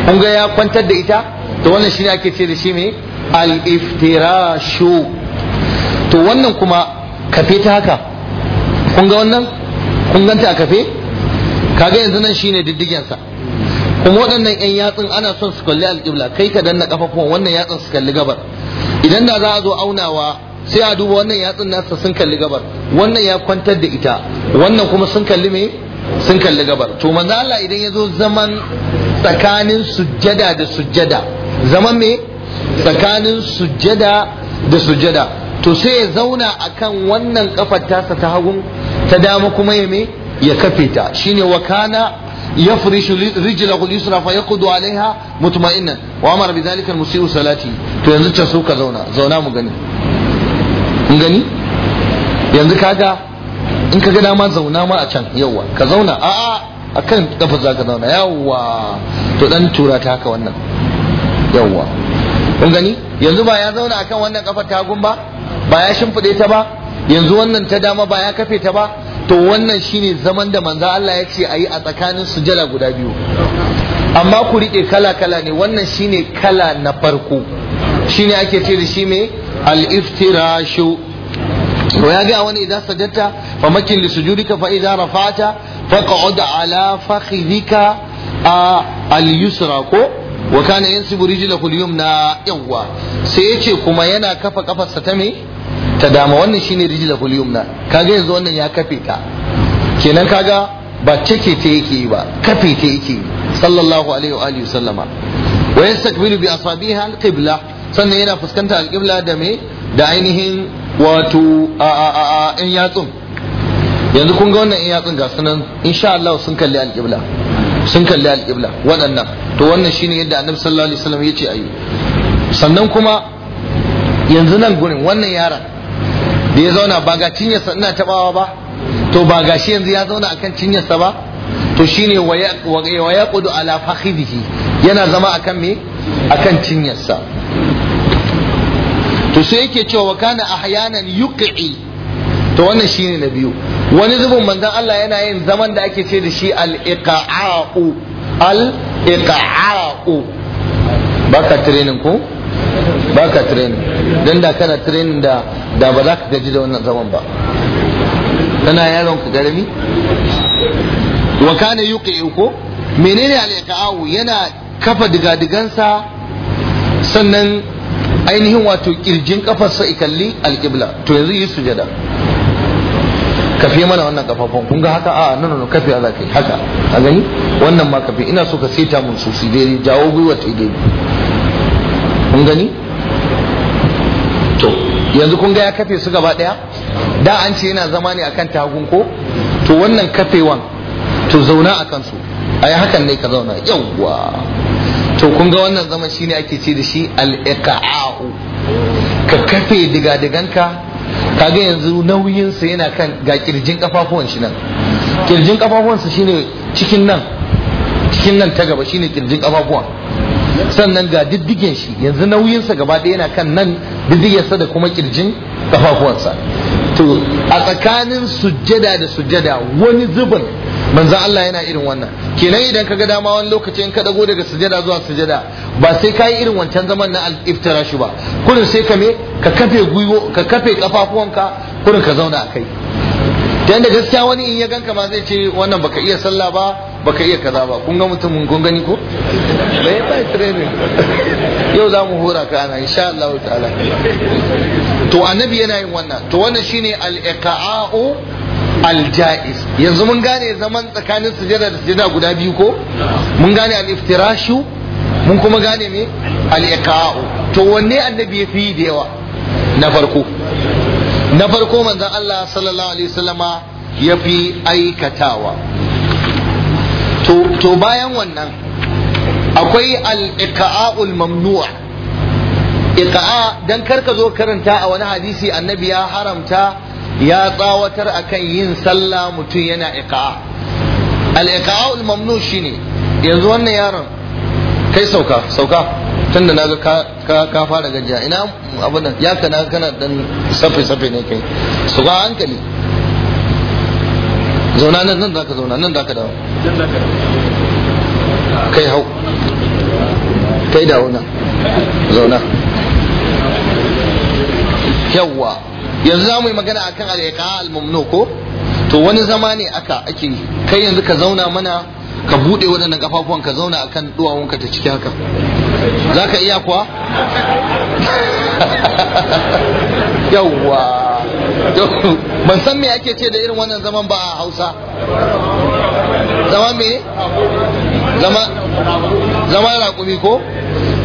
kun ga ya kwantar da ita to wannan shi ne ake ce da shi me al-iftirashu to wannan kuma kafe ta haka kun ga wannan kun ganta a kafe kaga yanzu nan shine diddigen sa kuma waɗannan yan yatsun ana son su kalli alƙibla kai ka danna kafafuwan wannan yatsun su kalli gabar idan da za a zo aunawa sai a duba wannan yatsun nasa sun kalli gabar wannan ya kwantar da ita wannan kuma sun kalli me sun kalli gabar to manzo Allah idan ya zo zaman tsakanin sujjada da sujjada zaman me tsakanin sujjada da sujjada to sai ya zauna akan wannan kafar tasa ta hagun ta dama kuma ya me ya kafe ta wakana ya kana shi rijila al-yusra fa yaqudu alaiha mutuma'inan wa amara bi dhalika al salati to yanzu ta so ka zauna zauna mu gani mun gani yanzu kaga in ka gada dama zauna ma a can yawa ka zauna a akan kafa za ka zauna yawa to dan tura ta haka wannan yawa kun gani yanzu ba ya zauna akan wannan kafa tagun ba ba ya shimfide ta ba yanzu wannan ta dama ba ya kafe ta ba to wannan shine zaman da manzo Allah ya ce ayi a tsakanin sujada guda biyu amma ku rike kala kala ne wannan shine kala na farko shine ake ce da shi me al-iftirashu to ya ga wani idan sajadta fa makin li sujudika fa idan rafa'ta faq'ud ala fakhidhika al-yusra ko wa kana yansibu rijlahu na na yawwa sai yace kuma yana kafa kafarsa ta me ta dama wannan shine rijlahu al na kaga yanzu wannan ya kafe ta kenan kaga ba cike ta yake yi ba kafe ta yake yi sallallahu alaihi wa alihi sallama wa yastakbilu bi asabiha alqibla sannan yana fuskanta alqibla da me da ainihin wato a a a in yatsun yanzu kun ga wannan in yatsun ga sunan insha Allah sun kalli alqibla sun kalli al-qibla waɗannan to wannan shine yadda annabi sallallahu alaihi wasallam ya ce ayi sannan kuma yanzu nan gurin wannan yaran da ya zauna ba ga cinyarsa ina tabawa ba to ba ga shi yanzu ya zauna akan cinyarsa ba to shine wa yaqudu ala fakhidhi yana zama akan me akan cinyarsa to sai yake cewa kana ahyanan yuqi to wannan shine na biyu wani zubin manzan Allah yana yin zaman da ake ce da shi al-iqa'u al-iqa'u baka training ko baka training dan da kana training da da ba za ka gaji da wannan zaman ba kana yaron ka garami wa kana yuqi ko menene al-iqa'u yana kafa digadigansa sannan ainihin wato kirjin kafarsa ikalli al'ibla? to yanzu yi sujada kafe mana wannan kafafun kun ga haka a nan nan kafe za ka yi haka a gani wannan ma kafe ina so ka seta mun su dai jawo gwiwa ta dai kun gani to yanzu kun ga ya kafe su gaba daya da an ce yana zama ne akan tagun ko to wannan kafewan to zauna a kansu ai hakan ne ka zauna yawwa to kun ga wannan zaman shine ake ce da shi al-iqa'u ka kafe diga-diganka kaga yanzu nauyinsa yana kan ga kirjin kafafuwan shi nan kirjin kafafuwansa shine cikin nan cikin nan ta gaba shine kirjin kafafuwa. sannan ga diddigen shi yanzu nauyinsa gaba ɗaya yana kan nan diddigensa da kuma kirjin kafafuwansa to a tsakanin sujjada da sujjada wani zubin manzan Allah yana irin wannan kenan idan ka ga dama wani lokaci in ka dago daga sujada zuwa sujada ba sai ka yi irin wancan zaman na shi ba kurin sai ka me ka kafe guyo ka kafe kafafuwanka kurin ka zauna a kai dan da gaskiya wani in ya ganka ma zai ce wannan baka iya sallah ba baka iya kaza ba kun ga mutumin kun gani ko bai bai training yau za mu hura ka ana insha Allah ta'ala to annabi yana yin wannan to wannan shine al-iqa'u aljaiz yanzu mun gane zaman tsakanin sujada da sujada guda biyu ko mun gane al-iftirashu mun kuma gane me al-iqa'u to wanne annabi ya fi da yawa na farko na farko manzon Allah sallallahu alaihi wasallama ya fi aikatawa to bayan wannan akwai al-iqa'ul mamnu'a iqa'a dan karka zo karanta a wani hadisi annabi ya haramta ya tsawatar akan yin sallah mutum yana iƙa'a al mamnu shi ne. yanzu wannan yaron kai sauka sauka tunda naga na ga ka fara gajiya ina abin nan ya kana kana dan safe safe ne kai Su ga hankali zauna nan nan zaka zauna nan zaka dawo kai hau kai dawo nan zauna yawwa yanzu za mu yi magana akan alaiƙa al-mamnu ko to wani zama ne aka ake yi kai yanzu ka zauna mana ka bude waɗannan kafafuwan ka zauna akan duwawunka ta ciki haka za ka iya kuwa yawwa ban san me ake ce da irin wannan zaman ba a hausa zama me zama raƙumi ko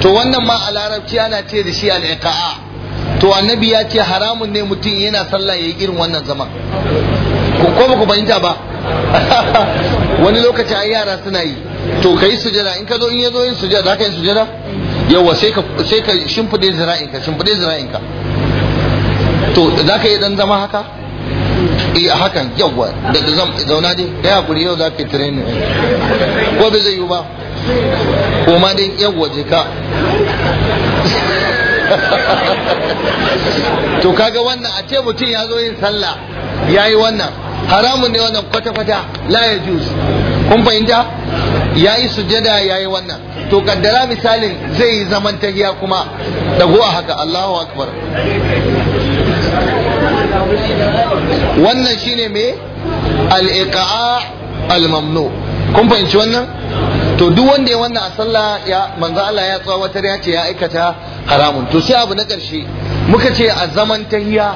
to wannan ma a larabci ana ce da shi al-iqa'a to annabi ya ce haramun ne mutum yana sallah ya yi irin wannan zama, ko ba ku fahimta ba wani lokaci ai yara suna yi to kai sujada in ka zo in ya zo yin sujada za ka yi sujada yawa sai ka sai ka shimfide zira'in ka shimfide zira'in ka to za ka yi dan zama haka eh hakan yawa da zauna dai kai hakuri yau za ka yi training ko bai zai yi ba ko ma dai yawa je ka to kaga wannan a ce mutum ya zo yin sallah ya yi wannan haramun ne wannan kwata-kwata la ya kun fahimta ya yi sujada ya yi wannan to kaddara misalin zai yi zaman tahiya kuma dago a haka Allahu akbar wannan shine ne al-iqa' al kun fahimci wannan to duk wanda ya wannan a sallah ya manzo Allah ya tsawatar ya ce ya aikata haramun to sai abu na karshe muka ce a zaman tahiya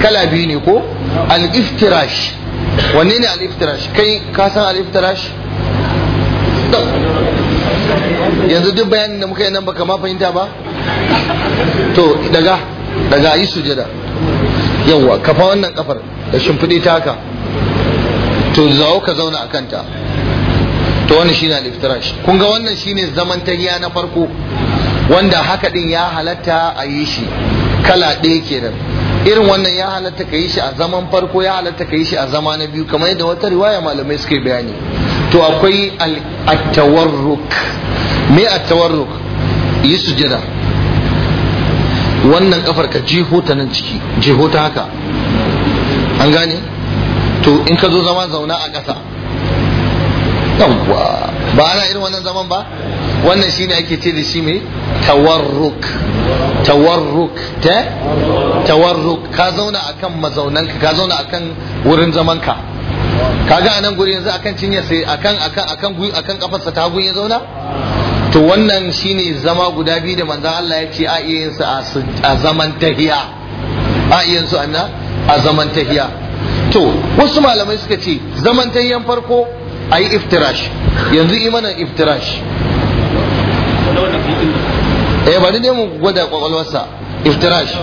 kala biyu ne ko al-iftirash wanne ne al-iftirash kai ka san al-iftirash yanzu duk bayanin da muka yi nan baka ma fahimta ba to daga daga yi sujada yawwa kafa wannan kafar da shimfiɗe ta haka to zawo ka zauna a kanta to wannan shine al-iftirash kun ga wannan shine tariya na farko wanda haka din ya halatta a yi shi kala ɗaya kenan irin wannan ya halatta ka yi shi a zaman farko ya halatta ka yi shi a zama na biyu kamar yadda wata riwaya malamai suke bayani to akwai al tawarruk me at-tawarruk yi sujada wannan kafar ka jiho ta nan ciki jiho ta haka an gane to in ka zo zama zauna a ƙasa yawwa ba ana irin wannan zaman ba wannan shine ake ce da shi mai tawarruk tawarruk ta tawarruk ka zauna akan mazaunanka ka zauna akan wurin zamanka kaga anan guri yanzu akan cinya sai akan akan akan gui akan kafarsa ta gun ya zauna to wannan shine zama guda biyu da manzon Allah ya ce a iyayen su a zaman tahiya a iyayen su anna a zaman tahiya to wasu malamai suka ce zaman tahiyan farko a yi iftirash yanzu mana iftirash eh bari ne mu gwada kwakwalwarsa iftirash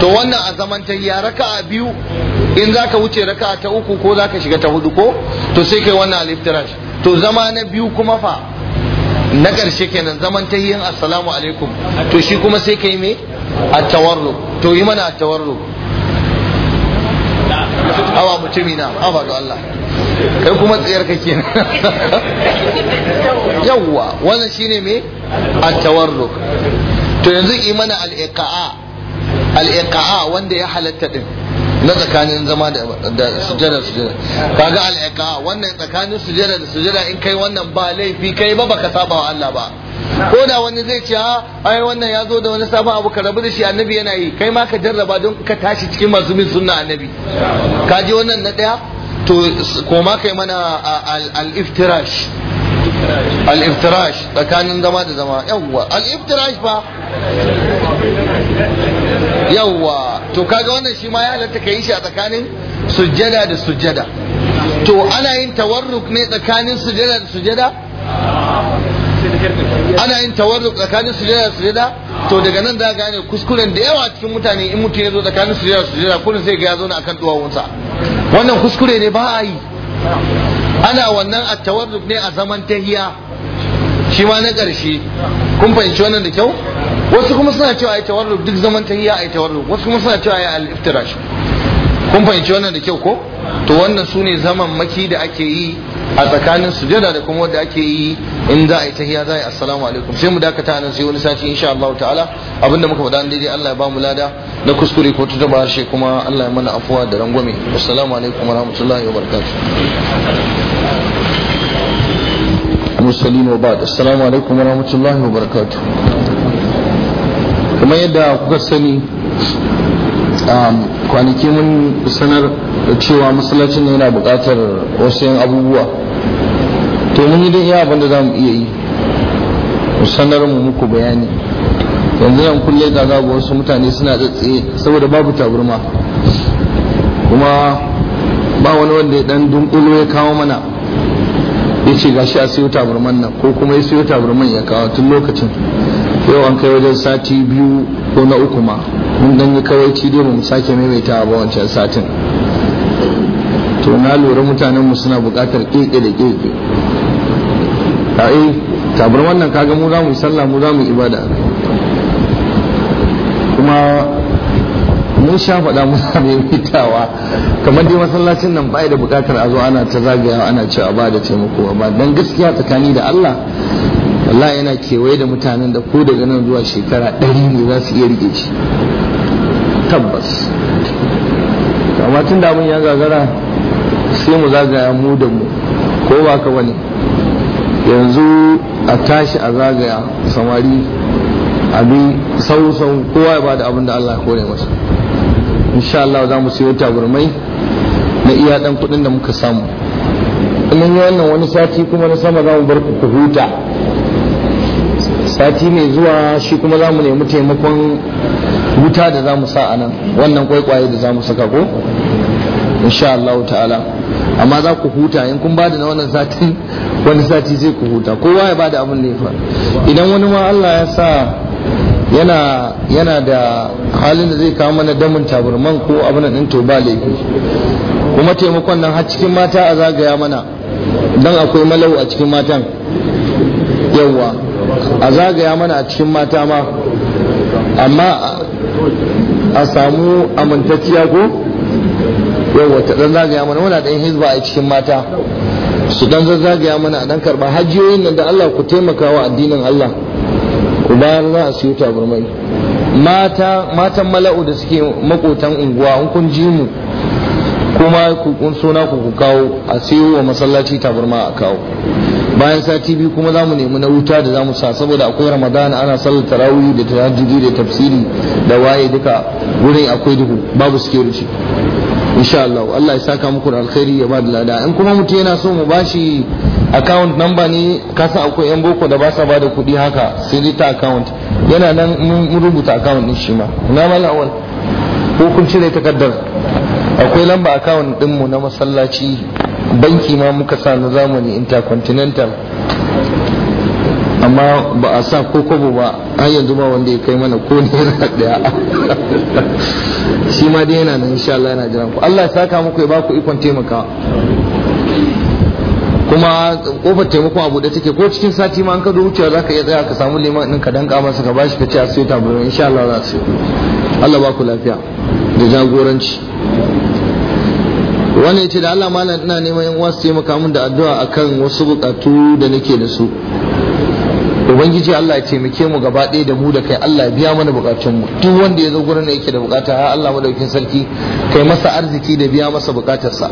to wannan a raka raka'a biyu in za ka wuce raka'a ta uku ko za ka shiga ta hudu ko to sai kai wannan al-iftirash to zama na biyu kuma fa na ƙarshe kenan zaman ta yin assalamu alaikum to shi kuma sai kai me a tawarru to yi mana a tawarru awa mutumina, awa ga Allah kai kuma tsayar ka kenan yawwa wannan shine me a tawarruk to yanzu imana al-iqa'a wanda ya halatta din na tsakanin zama da sujada sujada kaga al-iqa'a wannan tsakanin sujada da sujada in kai wannan ba laifi kai ba baka saba wa Allah ba ko da wani zai ce ah, ai wannan ya zo da wani sabon abu ka rabu da shi annabi yana yi kai ma ka jarraba don ka tashi cikin masu min sunna annabi ka ji wannan na daya to koma kai mana al-iftirash al-iftirash tsakanin zama da zama yawwa al-iftirash ba yawwa to kaga wannan shi ma ya halatta kai shi a tsakanin sujjada da sujjada to ana yin tawarruk ne tsakanin sujjada da sujjada ana yin tawarruk tsakanin sujjada da sujjada to daga nan za gane kuskuren da yawa cikin mutane in mutum ya zo tsakanin sujjada da sujjada kullum sai ga ya zo na akan duwawunsa wannan kuskure ne ba a yi ana wannan a tawarruf ne a zaman tahiya shi ma na ƙarshe kun fahimci wannan da kyau wasu kuma suna cewa yi tawarruf duk zaman tahiya yi tawarruf wasu kuma suna cewa ai al-iftirash kun fahimci wannan da kyau ko to wannan su ne zaman maki da ake yi a tsakanin sujada da kuma wanda ake yi in za a yi tahiya za a yi assalamu alaikum sai mu dakata nan sai wani sati insha Allah ta'ala abinda muka faɗa daidai Allah ya ba mu lada na kuskure ko tuta ba shi kuma Allah ya mana afuwa da rangwame assalamu alaikum wa rahmatullahi wa barakatuh musallin wa ba'd assalamu alaikum wa rahmatullahi wa barakatuh kamar yadda kuka sani kwanaki mun sanar cewa masallacin ne yana bukatar wasu yan abubuwa to mun yi don iya abin da za mu iya yi sanar mu muku bayani yanzu yan kulle ga ga wasu mutane suna tsatsaye saboda babu taburma kuma ba wani wanda ya dan dunkulo ya kawo mana ya ce gashi a siyo taburman nan ko kuma ya siyo taburman ya kawo tun lokacin yau an kai wajen sati biyu ko na uku ma mun dan yi kawaici dai mu sake maimaita ba wancan satin to na lura mutanen mu suna buƙatar ƙeƙe da ƙeƙe ai eh, tabar wannan kaga mu za mu sallah mu za mu ibada kuma mun sha faɗa mu maimaitawa kamar dai masallacin nan bai da buƙatar a zo ana ta zagayawa ana cewa ba da taimako ba dan gaskiya tsakani da Allah wallahi yana kewaye da mutanen da ko daga nan zuwa shekara ɗari ne za su iya rike shi tabbas amma tun da mun ya gagara sai mu zagaya mu da mu ko ba ka bane yanzu a tashi a zagaya samari abin sau-sau kowa ya bada abin da Allah ya kore masa insha Allah za mu siyo taburmai na iya dan kudin da muka samu in yi wannan wani sati kuma na sama za mu bar ku huta sati mai zuwa shi kuma za mu nemi taimakon wuta da za mu sa a nan wannan kwaikwaye da za mu saka ko insha Allah ta'ala amma za ku huta in kun bada na wannan sati wani sati zai ku huta kowa ya bada abin da ya fa idan wani ma Allah ya sa yana da halin da zai kawo mana damin taburman ko abin din to ba laifi kuma taimakon nan har cikin mata a zagaya mana dan akwai malau a cikin matan yawa a zagaya mana a cikin mata ma amma a samu amintacciya ko yawa ta dan zagaya mana muna dan hizba a cikin mata su dan zagaya mana a dan karba hajiyoyin nan da Allah ku taimaka wa addinin Allah ku bayar za a siyo tabarmai matan mala'u da suke makotan unguwa in kun ji mu kuma ku suna ku ku kawo a sayo wa masallaci tabarma a kawo bayan sati biyu kuma za mu nemi na wuta da za mu sa saboda akwai ramadana ana sallar tarawih da tahajjudi da tafsiri da waye duka wurin akwai duhu babu security insha Allah Allah ya saka muku da alkhairi ya ba da lada in kuma mutum yana so mu bashi account number ne kasa akwai yan boko da ba sa ba da kuɗi haka sai dai ta account yana nan mun rubuta account din shi ma na malawal ko kun cire takardar akwai lamba account dinmu na masallaci banki ma muka sa na zamani intercontinental amma ba a sa ko kobo ba har yanzu ba wanda ya kai mana ko naira daya shi ma dai yana nan insha Allah yana jiran ku Allah ya saka muku ya ba ku ikon taimaka kuma kofar taimakon abu da take ko cikin sati ma an ka wucewa za ka iya tsaya ka samu liman din ka danka masa ka bashi ka ce a sayo tabarau insha Allah za su Allah ba ku lafiya da jagoranci wannan ya ce da Allah malam ina neman yan uwa su taimaka min da addu'a akan wasu bukatu da nake da su ubangiji Allah ya taimake mu gaba ɗaya da mu da kai Allah ya biya mana bukatun mu duk wanda ya zo gurin da yake da bukata ya Allah madaukin sarki kai masa arziki da biya masa bukatarsa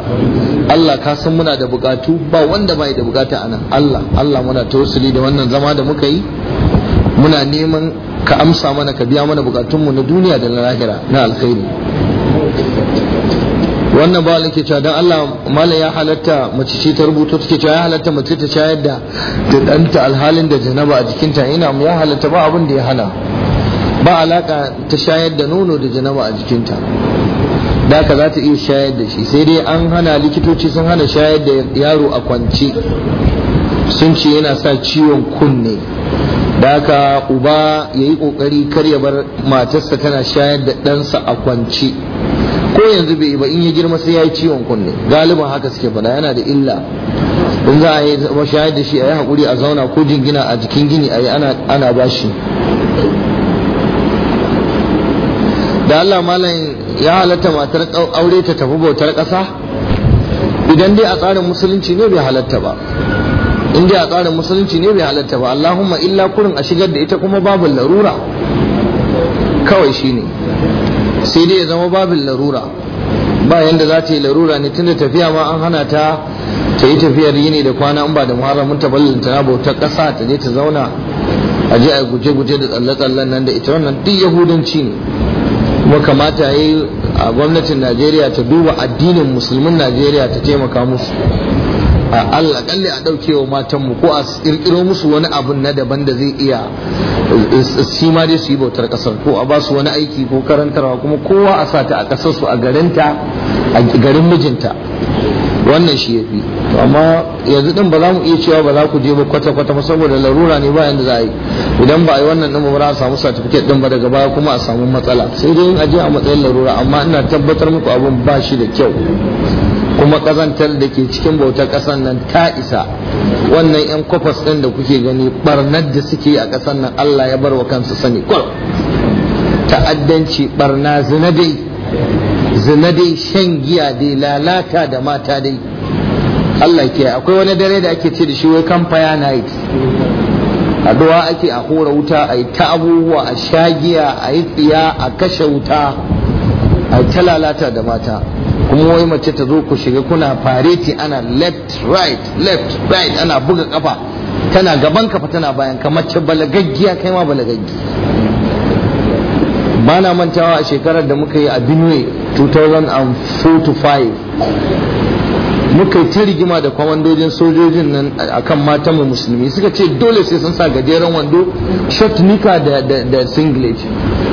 Allah ka san muna da bukatu ba wanda bai da bukata anan Allah Allah muna tawassuli da wannan zama da muka yi muna neman ka amsa mana ka biya mana mu na duniya da na lahira na alkhairi wannan ba ke cewa dan Allah mala ya halatta mace ce ta rubuto take cewa ya halatta mace ta shayar da da danta alhalin da janaba a jikinta ina ya halatta ba abin da ya hana ba alaka ta shayar da nono da janaba a jikinta da ka za ta iya shayar da shi sai dai an hana likitoci sun hana shayar da yaro a kwance sun ce yana sa ciwon kunne da ka uba ya yi kokari kar ya bar matarsa tana shayar da ɗansa a kwance ko yanzu bai yi ba in ya girma sai ya yi ciwon kunne galiban haka suke faɗa yana da illa in za a yi mashayar da shi a yi haƙuri a zauna ko jingina a jikin gini a yi ana bashi da Allah malam ya halatta matar aure ta tafi bautar ƙasa idan dai a tsarin musulunci ne bai halatta ba in dai a tsarin musulunci ne bai halatta ba Allahumma illa kurin a shigar da ita kuma babu larura kawai shine ne sai dai ya zama babin larura ba yanda za ta yi larura ne tunda tafiya ma an hana ta ta yi tafiyar yini da kwana in ba da muharramin ta ballin ta bauta kasa ta je ta zauna a je a guje-guje da tsalle-tsallen nan da ita wannan duk yahudanci ne kuma kamata yi a gwamnatin najeriya ta duba addinin musulmin najeriya ta taimaka musu Allah kalle a daukewa matan mu ko a kirkiro musu wani abun na daban da zai iya shi ma dai su yi bautar kasar ko a ba su wani aiki ko karantarwa kuma kowa a sata a kasar su a garinta a garin mijinta wannan shi yafi to amma yanzu din ba za mu iya cewa ba za ku je ba kwata kwata ba saboda larura ne ba yanda za a yi idan ba a yi wannan din ba za a samu certificate din ba daga baya kuma a samu matsala sai dai in aje a matsayin larura amma ina tabbatar muku abun ba shi da kyau kuma kazantar da ke cikin bautar ƙasar nan ta isa wannan 'yan kwafas ɗin da kuke gani barnar da suke a ƙasar nan Allah ya bar wa kansu sani kwal ta'addanci barna zina dai shan giya dai lalata da mata dai Allah ke akwai wani dare da ake ce da shi wai campfire night addu'a ake a hura wuta a yi ta abubuwa a sha giya a yi tsiya a kashe wuta a ta lalata da mata kuma wai mace ta zo ku shiga kuna fareti ana left right left right ana buga kafa tana gaban kafa tana bayan ka mace balagaggiya kai ma balagaggi ba na mantawa a shekarar da muka yi a Benue 2004 to 5 muka ta rigima da kwamandojin sojojin nan akan matan mu musulmi suka ce dole sai sun sa gajeren wando shot nika da singlet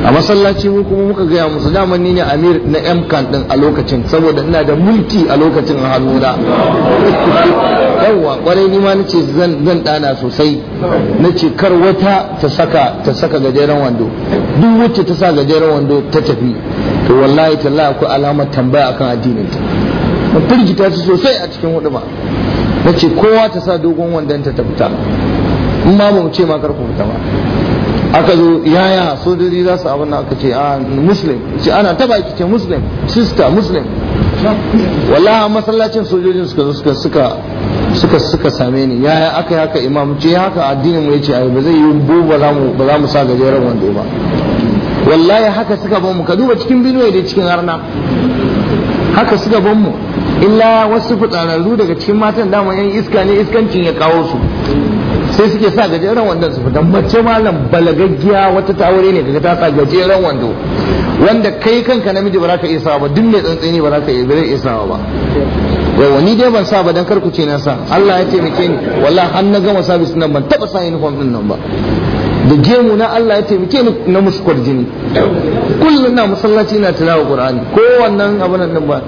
a masallaci mu kuma muka gaya musu daman ni ne amir na yan din a lokacin saboda ina da mulki a lokacin hannuna yawwa kwarai ni ma na zan zan dana sosai na ce kar wata ta saka gajeren wando duk wacce ta sa gajeren wando ta tafi to wallahi tallahi akwai alamar tambaya akan addinin ta na firgita su sosai a cikin hudu ba na ce kowa ta sa dogon wandon ta ta fita in ma mu ce ma karku fita ba aka zo yaya sojoji za su abin aka ce a ah, muslim ce ana ta baki ce muslim sister muslim wallahi masallacin sojojin suka zo suka suka suka suka same ni yaya aka haka imam ce haka addinin mu yace ai ba zai yi bo ba za mu ba za mu sa gajeren wando ba wallahi haka suka ba mu ka duba cikin bidiyo da cikin harna haka su ban mu illa wasu fitsararru daga cikin matan dama yan iska ne iskancin ya kawo su sai suke sa gajeren wandon su fita mace malam balagaggiya wata ta aure ne kaga ta sa gajeren wando wanda kai kanka namiji ba za ka iya ba duk mai tsantsini ba za ka iya ba yawa ni dai ban sa ba dan karku ce na sa Allah ya taimake ni wallahi har na gama sabis nan ban taba sa uniform din nan ba da gemu na Allah ya taimake ni na muskwar jini kullum na masallaci na tilawa qur'ani kowannan abun nan ba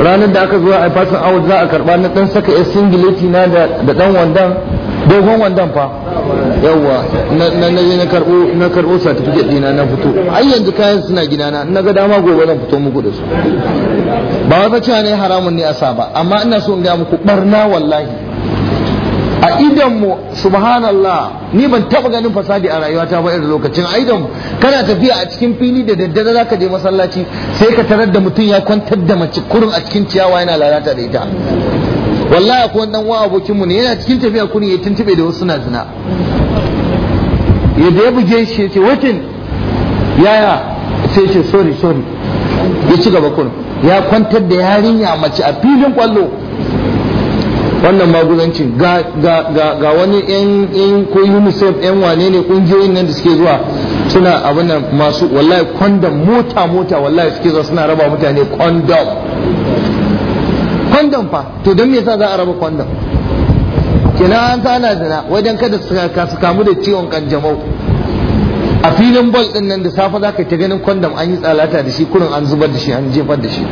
ranar da aka zo a fasin awu za a karba na dan saka ya singileti na da dan wandan dogon wandan fa yawa na na na karbo na karbo certificate dina na fito ai yanzu kayan suna gidana na ga dama gobe zan fito muku da su ba wata cewa ne haramun ne a sa ba amma ina so in ga muku barna wallahi a mu subhanallah ni ban taba ganin fasadi a rayuwata ba irin lokacin a idanmu kana tafiya a cikin fili da daddare za ka je masallaci sai ka tarar da mutum ya kwantar da mace kurin a cikin ciyawa yana lalata da ita wallahi akwai wani dan wa abokinmu ne yana cikin tafiya kurun ya tuntube da wasu na zina yadda ya buge shi ya ce wakin yaya sai ce sorry sorry ya ci gaba kurin ya kwantar da yarinya mace a filin kwallo wannan maguzancin ga wani yan yan ko UNICEF yan wane ne kungiyoyin nan da suke zuwa suna abin da masu wallahi condom mota mota wallahi suke zuwa suna raba mutane condom condom fa to don me yasa za a raba condom kina an sana zina wajen kada su kamu da ciwon kanjamau a filin bol din nan da safe za ka ta ganin kwandam an yi tsalata da shi kurin an zubar da shi an jefar da shi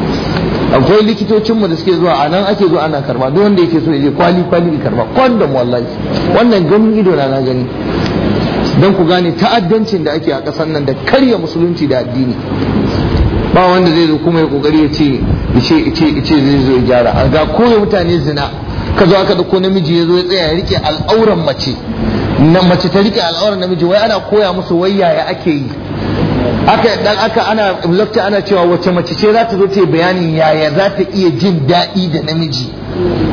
akwai likitocinmu da suke zuwa a nan ake zuwa ana karba duk wanda yake so ya je kwali kwali ya karba kwandam wallahi wannan ganin ido na na gani don ku gane ta'addancin da ake a ƙasar nan da karya musulunci da addini ba wanda zai zo kuma ya kokari ya ce ce ce ce zai zo ya gyara ga koyo mutane zina ka zo aka dauko namiji ya zo ya tsaya ya rike al'auran mace na mace ta rike al'aurar namiji wai ana koya musu wai yaya ake yi aka dan aka ana lokaci ana cewa wace mace ce za ta zo ta yi bayanin yaya za ta iya jin daɗi da namiji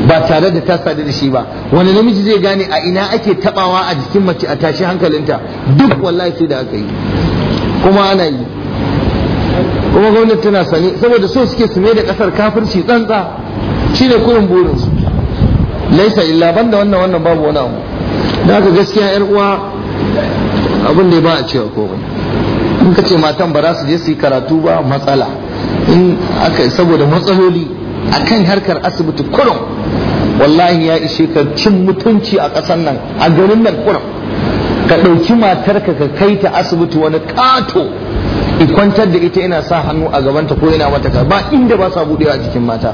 ba tare da ta sadu da shi ba wani namiji zai gane a ina ake tabawa a jikin mace a tashi hankalinta duk wallahi sai da aka yi kuma ana yi kuma gwamnati tana sani saboda so suke su mai da kasar kafirci tsantsa shine kurin burinsu laisa illa banda wannan wannan babu wani abu da haka gaskiya yar uwa abin da ba a cewa komai in ka ce matan ba za su je su yi karatu ba matsala in aka saboda matsaloli akan harkar asibiti kurum wallahi ya ishe ka cin mutunci a ƙasar nan a garin nan kurum ka ɗauki matarka ka kai ta asibiti wani ƙato kwantar da ita ina sa hannu a gabanta ko ina mata ba inda ba sa buɗewa a jikin mata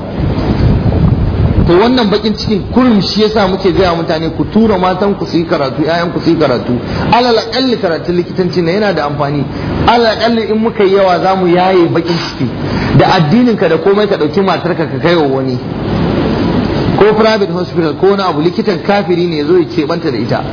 to wannan bakin cikin kurum shi yasa muke gaya mutane ku tura matan ku su yi karatu ƴaƴan ku su yi karatu alal akalli karatun likitanci na yana da amfani alal akalli in muka yi yawa zamu yaye bakin ciki da addinin ka da komai ka dauki matarka ka kai wa wani ko private hospital ko wani abu likitan kafiri ne ya zo ya keɓanta da ita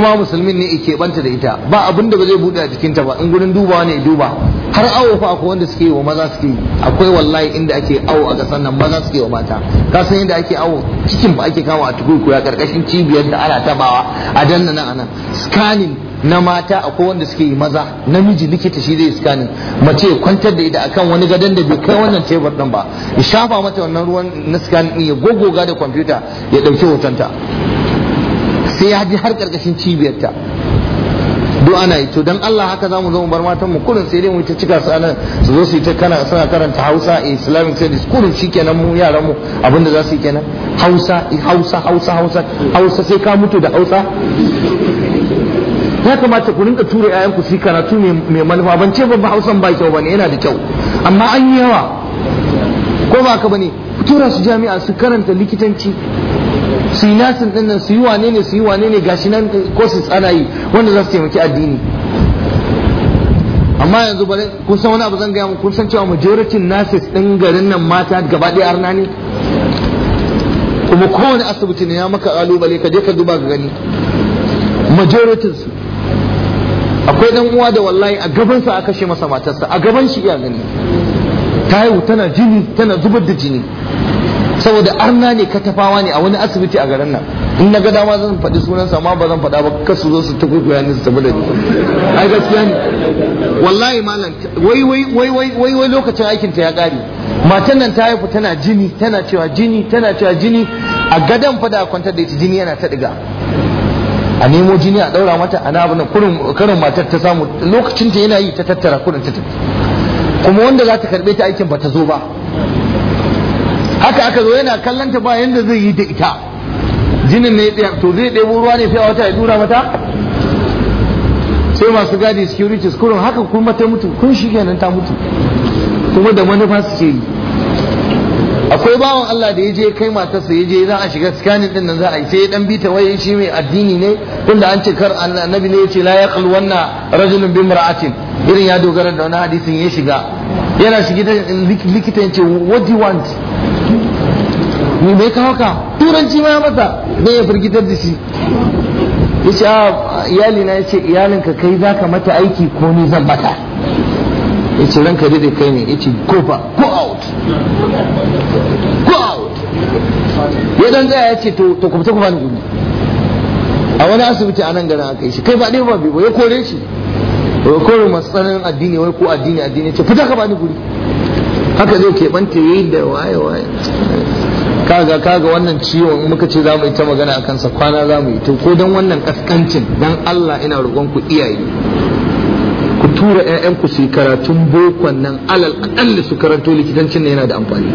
ma musulmin ne ke banta da ita ba abin da ba zai bude a jikinta ba in gurin duba ne duba har awo fa akwai wanda suke yi wa maza suke yi akwai wallahi inda ake awo a ga nan maza suke yi wa mata ka san inda ake awo cikin ba ake kama a tukurku ya karkashin cibiyar da ana tabawa a danna nan anan scanning na mata akwai wanda suke yi maza namiji likita shi zai scanning mace kwantar da ita akan wani gadon da bai kai wannan tebur din ba ya shafa mata wannan ruwan na scanning ya gogoga da kwamfuta ya dauki hotonta sai ya ji har karkashin cibiyarta duk ana yi to dan Allah haka zamu zo mu bar matan mu kurin sai dai mu ta cika su ana su zo su ta kana suna karanta Hausa Islamic studies kurin shikenan mu yaran mu abinda za su yi kenan Hausa Hausa Hausa Hausa Hausa sai ka mutu da Hausa ya kamata ku rinka tura yayan ku kana karatu mai manufa ban ce babba Hausan ba kyau bane yana da kyau amma an yi yawa ko ba ka bane tura su jami'a su karanta likitanci su yi nasin ɗin nan su yi wane ne su yi wane ne gashi nan ko su tsana yi wanda za su taimaki addini amma yanzu bari kun san wani abu zan gaya kun san cewa majority nasis ɗin garin nan mata gaba ɗaya arna ne kuma kowane asibiti ne ya maka kalubale ka je ka duba ka gani majority su akwai dan uwa da wallahi a gaban sa aka kashe masa matarsa a gaban shi iya gani ta tana jini tana zubar da jini saboda arna ne katafawa ne a wani asibiti a garin nan in na ga dama zan faɗi sunansa amma ba zan faɗa ba kar su zo su ta kukuya ni su tafi da ni ai gaskiya ne wallahi malam wai wai wai wai wai lokacin aikin ta ya ƙare matan nan ta haifu tana jini tana cewa jini tana cewa jini a gadan fada a kwantar da ita jini yana ta diga a nemo jini a ɗaura mata ana abin nan kurin karin matar ta samu lokacin ta yana yi ta tattara kurin ta tafi kuma wanda za ta karbe ta aikin ba ta zo ba haka aka zo yana kallanta ba yanda zai yi da ita jinin ne ya to zai ɗebo ruwa ne sai a wata ya dura mata sai masu gadi security kurin haka kuma ta mutu kun shi kenan ta mutu kuma da manufa su ce akwai bawan Allah da ya je kai matarsa ya je za a shiga scanning din nan za a yi sai ya bi ta wai shi mai addini ne tunda an ce kar annabi ne ya ce la yaqul wanna rajulun bi mar'atin irin ya dogara da wani hadisin ya shiga yana shiga likita yace what do you want ni mai kawo ka turanci ma mata. Me ya firgitar da shi ya ce a ah, iyali na ya ce iyalinka kai za ka mata aiki ko ni zan mata ya ce ranka da kai ne ya ce go ba go out go out ya dan tsaya ya ce to to kuma kuma ni gudu a wani asibiti a nan garin aka yi shi kai ba ɗaya ba bai ya kore shi ya kore masu tsananin addini wai ko addini addini ce fita ka bani guri haka zai keɓanta yi da waye waye kaga kaga wannan ciwon in muka ce za mu yi ta magana a kansa kwana za mu yi to ko don wannan kaskancin don Allah ina roƙon ku iyaye ku tura 'ya'yanku su yi karatun bokon nan alal aƙalli su karanto likitancin ne yana da amfani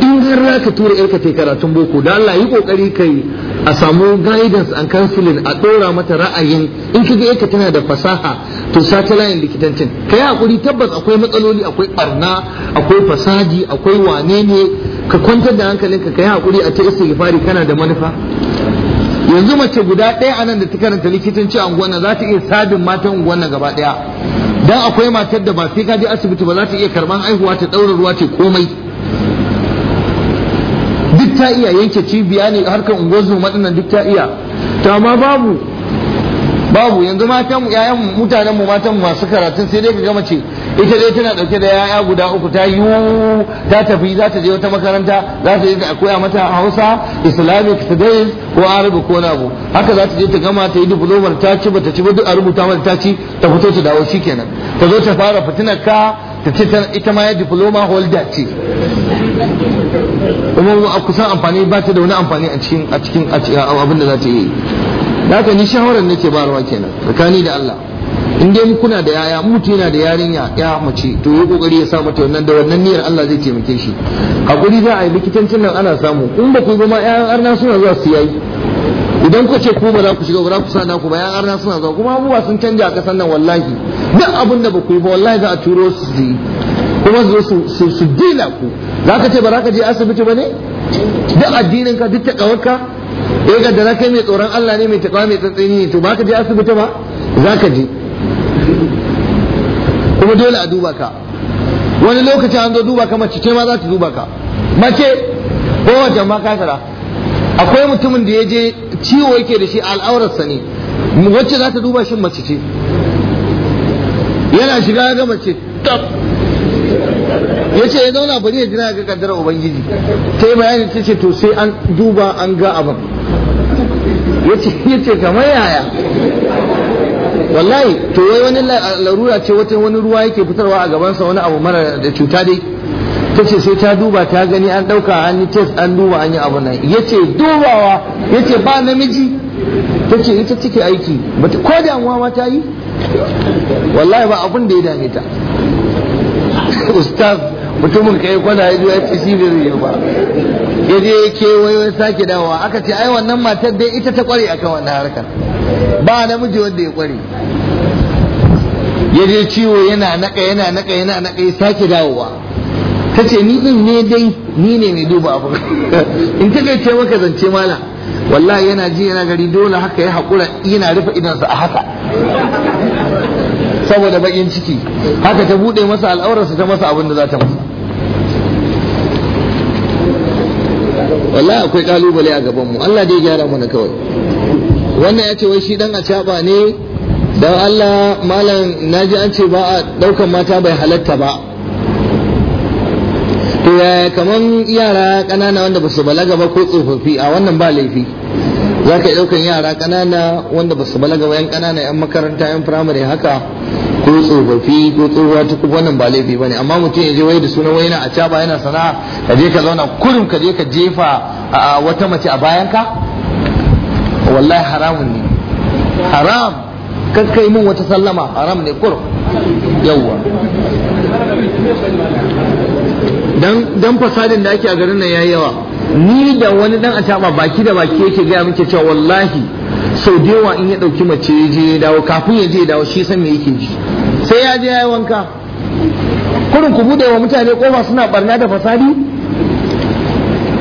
in har za ka tura ƴarka ta karatun boko da Allah yi kokari kai a samu guidance an counseling a ɗora mata ra'ayin in kiga ita tana da fasaha to sata layin likitancin ka yi hakuri tabbas akwai matsaloli akwai barna akwai fasaji akwai wane ne ka kwantar da hankalinka ka yi hakuri a ta istighfari kana da manufa yanzu mace guda ɗaya anan da ta karanta likitanci a unguwan za ta iya sabin matan unguwanna gaba ɗaya dan akwai matar da ba sai ka je asibiti ba za ta iya karban aihuwa ta ɗaura ruwa ta komai duk ta iya yanke cibiya ne harkar unguwar zuma duk ta iya to amma babu babu yanzu matan yayan mutanen mu matan masu karatun sai dai ka ga ce ita dai tana dauke da yaya guda uku ta yi ta tafi za ta je wata makaranta za ta je ta koya mata Hausa Islamic Studies ko Arabic ko abu haka za ta je ta gama ta yi diploma ta ci bata ci ba duk a rubuta mata ta ci ta fito ta dawo shikenan ta zo ta fara fitina ka ta ce ita ma ya diploma holder ce kuma kusan amfani ba ta da wani amfani a cikin abin da za ta yi haka ni shawarar nake barwa kenan tsakani da Allah in dai kuna da yaya mutu yana da yarinya ya mace to yi kokari ya sa mata wannan da wannan niyyar Allah zai taimake shi hakuri za a yi likitancin nan ana samu in ba ku ba ma yayan arna suna zuwa su yayi idan ku ce ku ba za ku shiga ba za ku sa ku ba yayan arna suna zuwa kuma abubuwa sun canja a kasan nan wallahi duk abin da ba ku yi ba wallahi za a turo su su kuma su su su dila ku za ka ce ba za ka je asibiti ba ne duk addinin ka duk kawarka eh kaddara kai mai tsoron Allah ne mai taƙwa mai tsantsini ne to ba ka je asibiti ba za ka je kuma dole a duba ka wani lokaci an zo duba ka mace ce ma za ta duba ka mace ko wajen ma kasara akwai mutumin da ya je ciwo yake da shi al'aurarsa ne wacce za ta duba shi mace ce yana shiga ga mace tab ya ce ya zauna bari ya jira ga kaddara ubangiji ta yi bayani ta ce to sai an duba an ga abin yace yace kamar yaya wallahi to wai wani larura ce wata wani ruwa yake fitarwa a gaban sa wani abu mara da cuta dai ta ce sai ta duba ta gani an ɗauka an yi test an duba an yi abu nan ya ce dubawa ya ce ba namiji ta ce ita cike aiki ko damuwa ma ta yi wallahi ba abun da ya dame ta ustaz mutumin kai kwana ya ce shi bai zai ba ya je kewayo ya sake dawowa aka ce ai wannan matar dai ita ta kware akan wannan harkar ba namiji wanda ya kware ya je ciwo yana naka yana naka yana naka ya sake dawowa ta ce ni din ne dai ni ne mai duba abu in ta kai ce maka zance mala wallahi yana ji yana gari dole haka ya haƙura yana rufe idansa a haka saboda bakin ciki haka ta buɗe masa al'aurarsa ta masa abin da za ta masa wallahi akwai kalubale a gaban mu Allah dai gyara mana kawai wannan ya ce wai shi dan acaba ne dan Allah malam naji an ce ba a daukan mata bai halatta ba to yaya kaman yara kanana wanda basu balaga ba ko tsofaffi a wannan ba laifi za ka daukan yara kanana wanda basu balaga ba yan kanana yan makaranta yan firamare haka ko tsofaffi ko tsohuwa ta wannan ba laifi ba ne amma mutum ya je wai da sunan wai a caba yana sana'a ka je ka zauna kurum ka je ka jefa a wata mace a bayan ka wallahi haramun ne haram kakkai mun wata sallama haram ne kurum yawwa dan dan fasadin da ake a garin nan yayi yawa ni da wani dan a baki da baki yake gaya miki cewa wallahi sau da yawa in ya ɗauki mace ya je dawo kafin ya je ya dawo shi san me yake ji sai ya je ya yi wanka kurin ku buɗewa wa mutane kofa suna barna da fasadi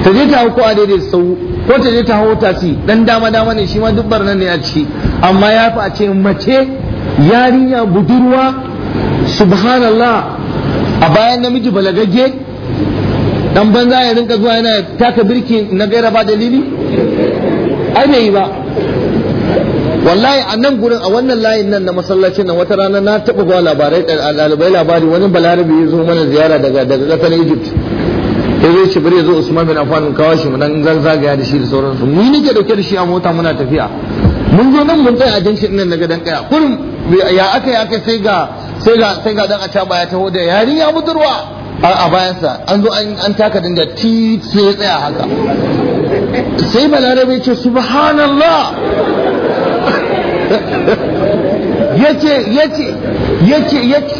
ta je ta hau ko a daidai sau ko ta je ta hau tasi dan dama dama ne shi ma duk barnan ne a ciki amma ya fi a ce mace yarinya budurwa subhanallah a bayan namiji balagagge dan banza ya rinka zuwa yana taka birki na gaira ba dalili ai bai yi ba wallahi a nan gurin a wannan layin nan na masallacin nan wata rana na taɓa ba labarai ɗalibai labari wani balarabi ya zo mana ziyara daga daga ƙasar egypt ya zo shi ya zo usman bin affan kawo shi nan zan zagaya da shi da sauransu mu nake dauke da shi a mota muna tafiya mun zo nan mun tsaya a jinshi nan na gadon kaya kurum ya aka ya kai sai ga sai ga sai ga dan ya taho da yarinya budurwa a bayansa an zo an taka dinga ti sai tsaya haka sai balarabe ce subhanallah yace yace yace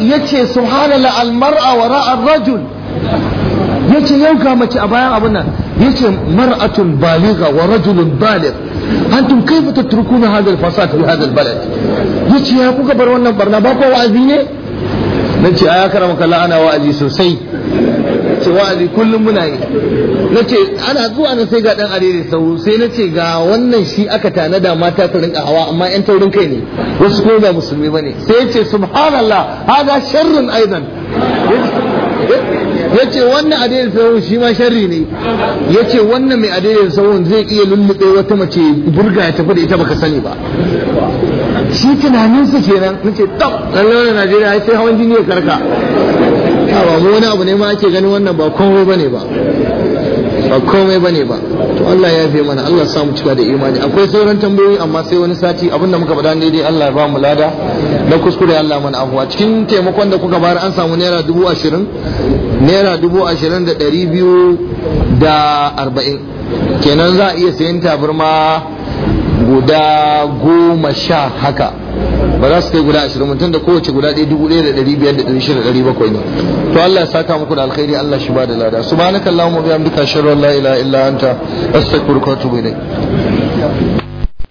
yace subhanallah almar'a wara ar-rajul yace yau ga mace a bayan abin nan yace mar'atun baligha wa rajulun baligh antum kayfa tatrukuna hadha al-fasad fi hadha al-balad yace ya kuka bar wannan barna ba ko wa'azi ne nace aya karama kallah la'ana wa'azi sosai ce wa'azi kullum muna yi na ce ana zuwa na sai ga dan arere sau sai na ce ga wannan shi aka tanada mata ta rinka hawa amma yan taurin kai ne wasu ko da musulmi ba ne sai ya ce subhanallah haga sharrun aidan ya ce wannan adaidaita sahun shi ma sharri ne ya ce wannan mai adaidaita sahun zai iya lullube wata mace burga ya tafi da ita baka sani ba shi tunaninsa kenan na ce tab lallai najeriya sai hawan jini ya karka Allah ba mu wani abu ne ma ake ganin wannan ba komai bane ba ba komai bane ba to Allah ya fi mana Allah samu cika da imani akwai sauran tambayoyi amma sai wani sati abinda muka faɗa daidai Allah ya ba mu lada na kuskure Allah mana afuwa cikin taimakon da kuka bayar an samu naira dubu ashirin naira dubu ashirin da ɗari biyu da arba'in kenan za a iya sayan tabarma guda goma sha haka ba za su kai guda ashirin mutum da kowace guda ɗaya dubu ɗaya da ɗari biyar da ɗari shida ɗari bakwai ne to Allah ya saka muku da alkhairi Allah shi ba da lada subhanakallahumma bihamdika ashhadu an la ilaha illa anta astaghfiruka wa atubu ilayk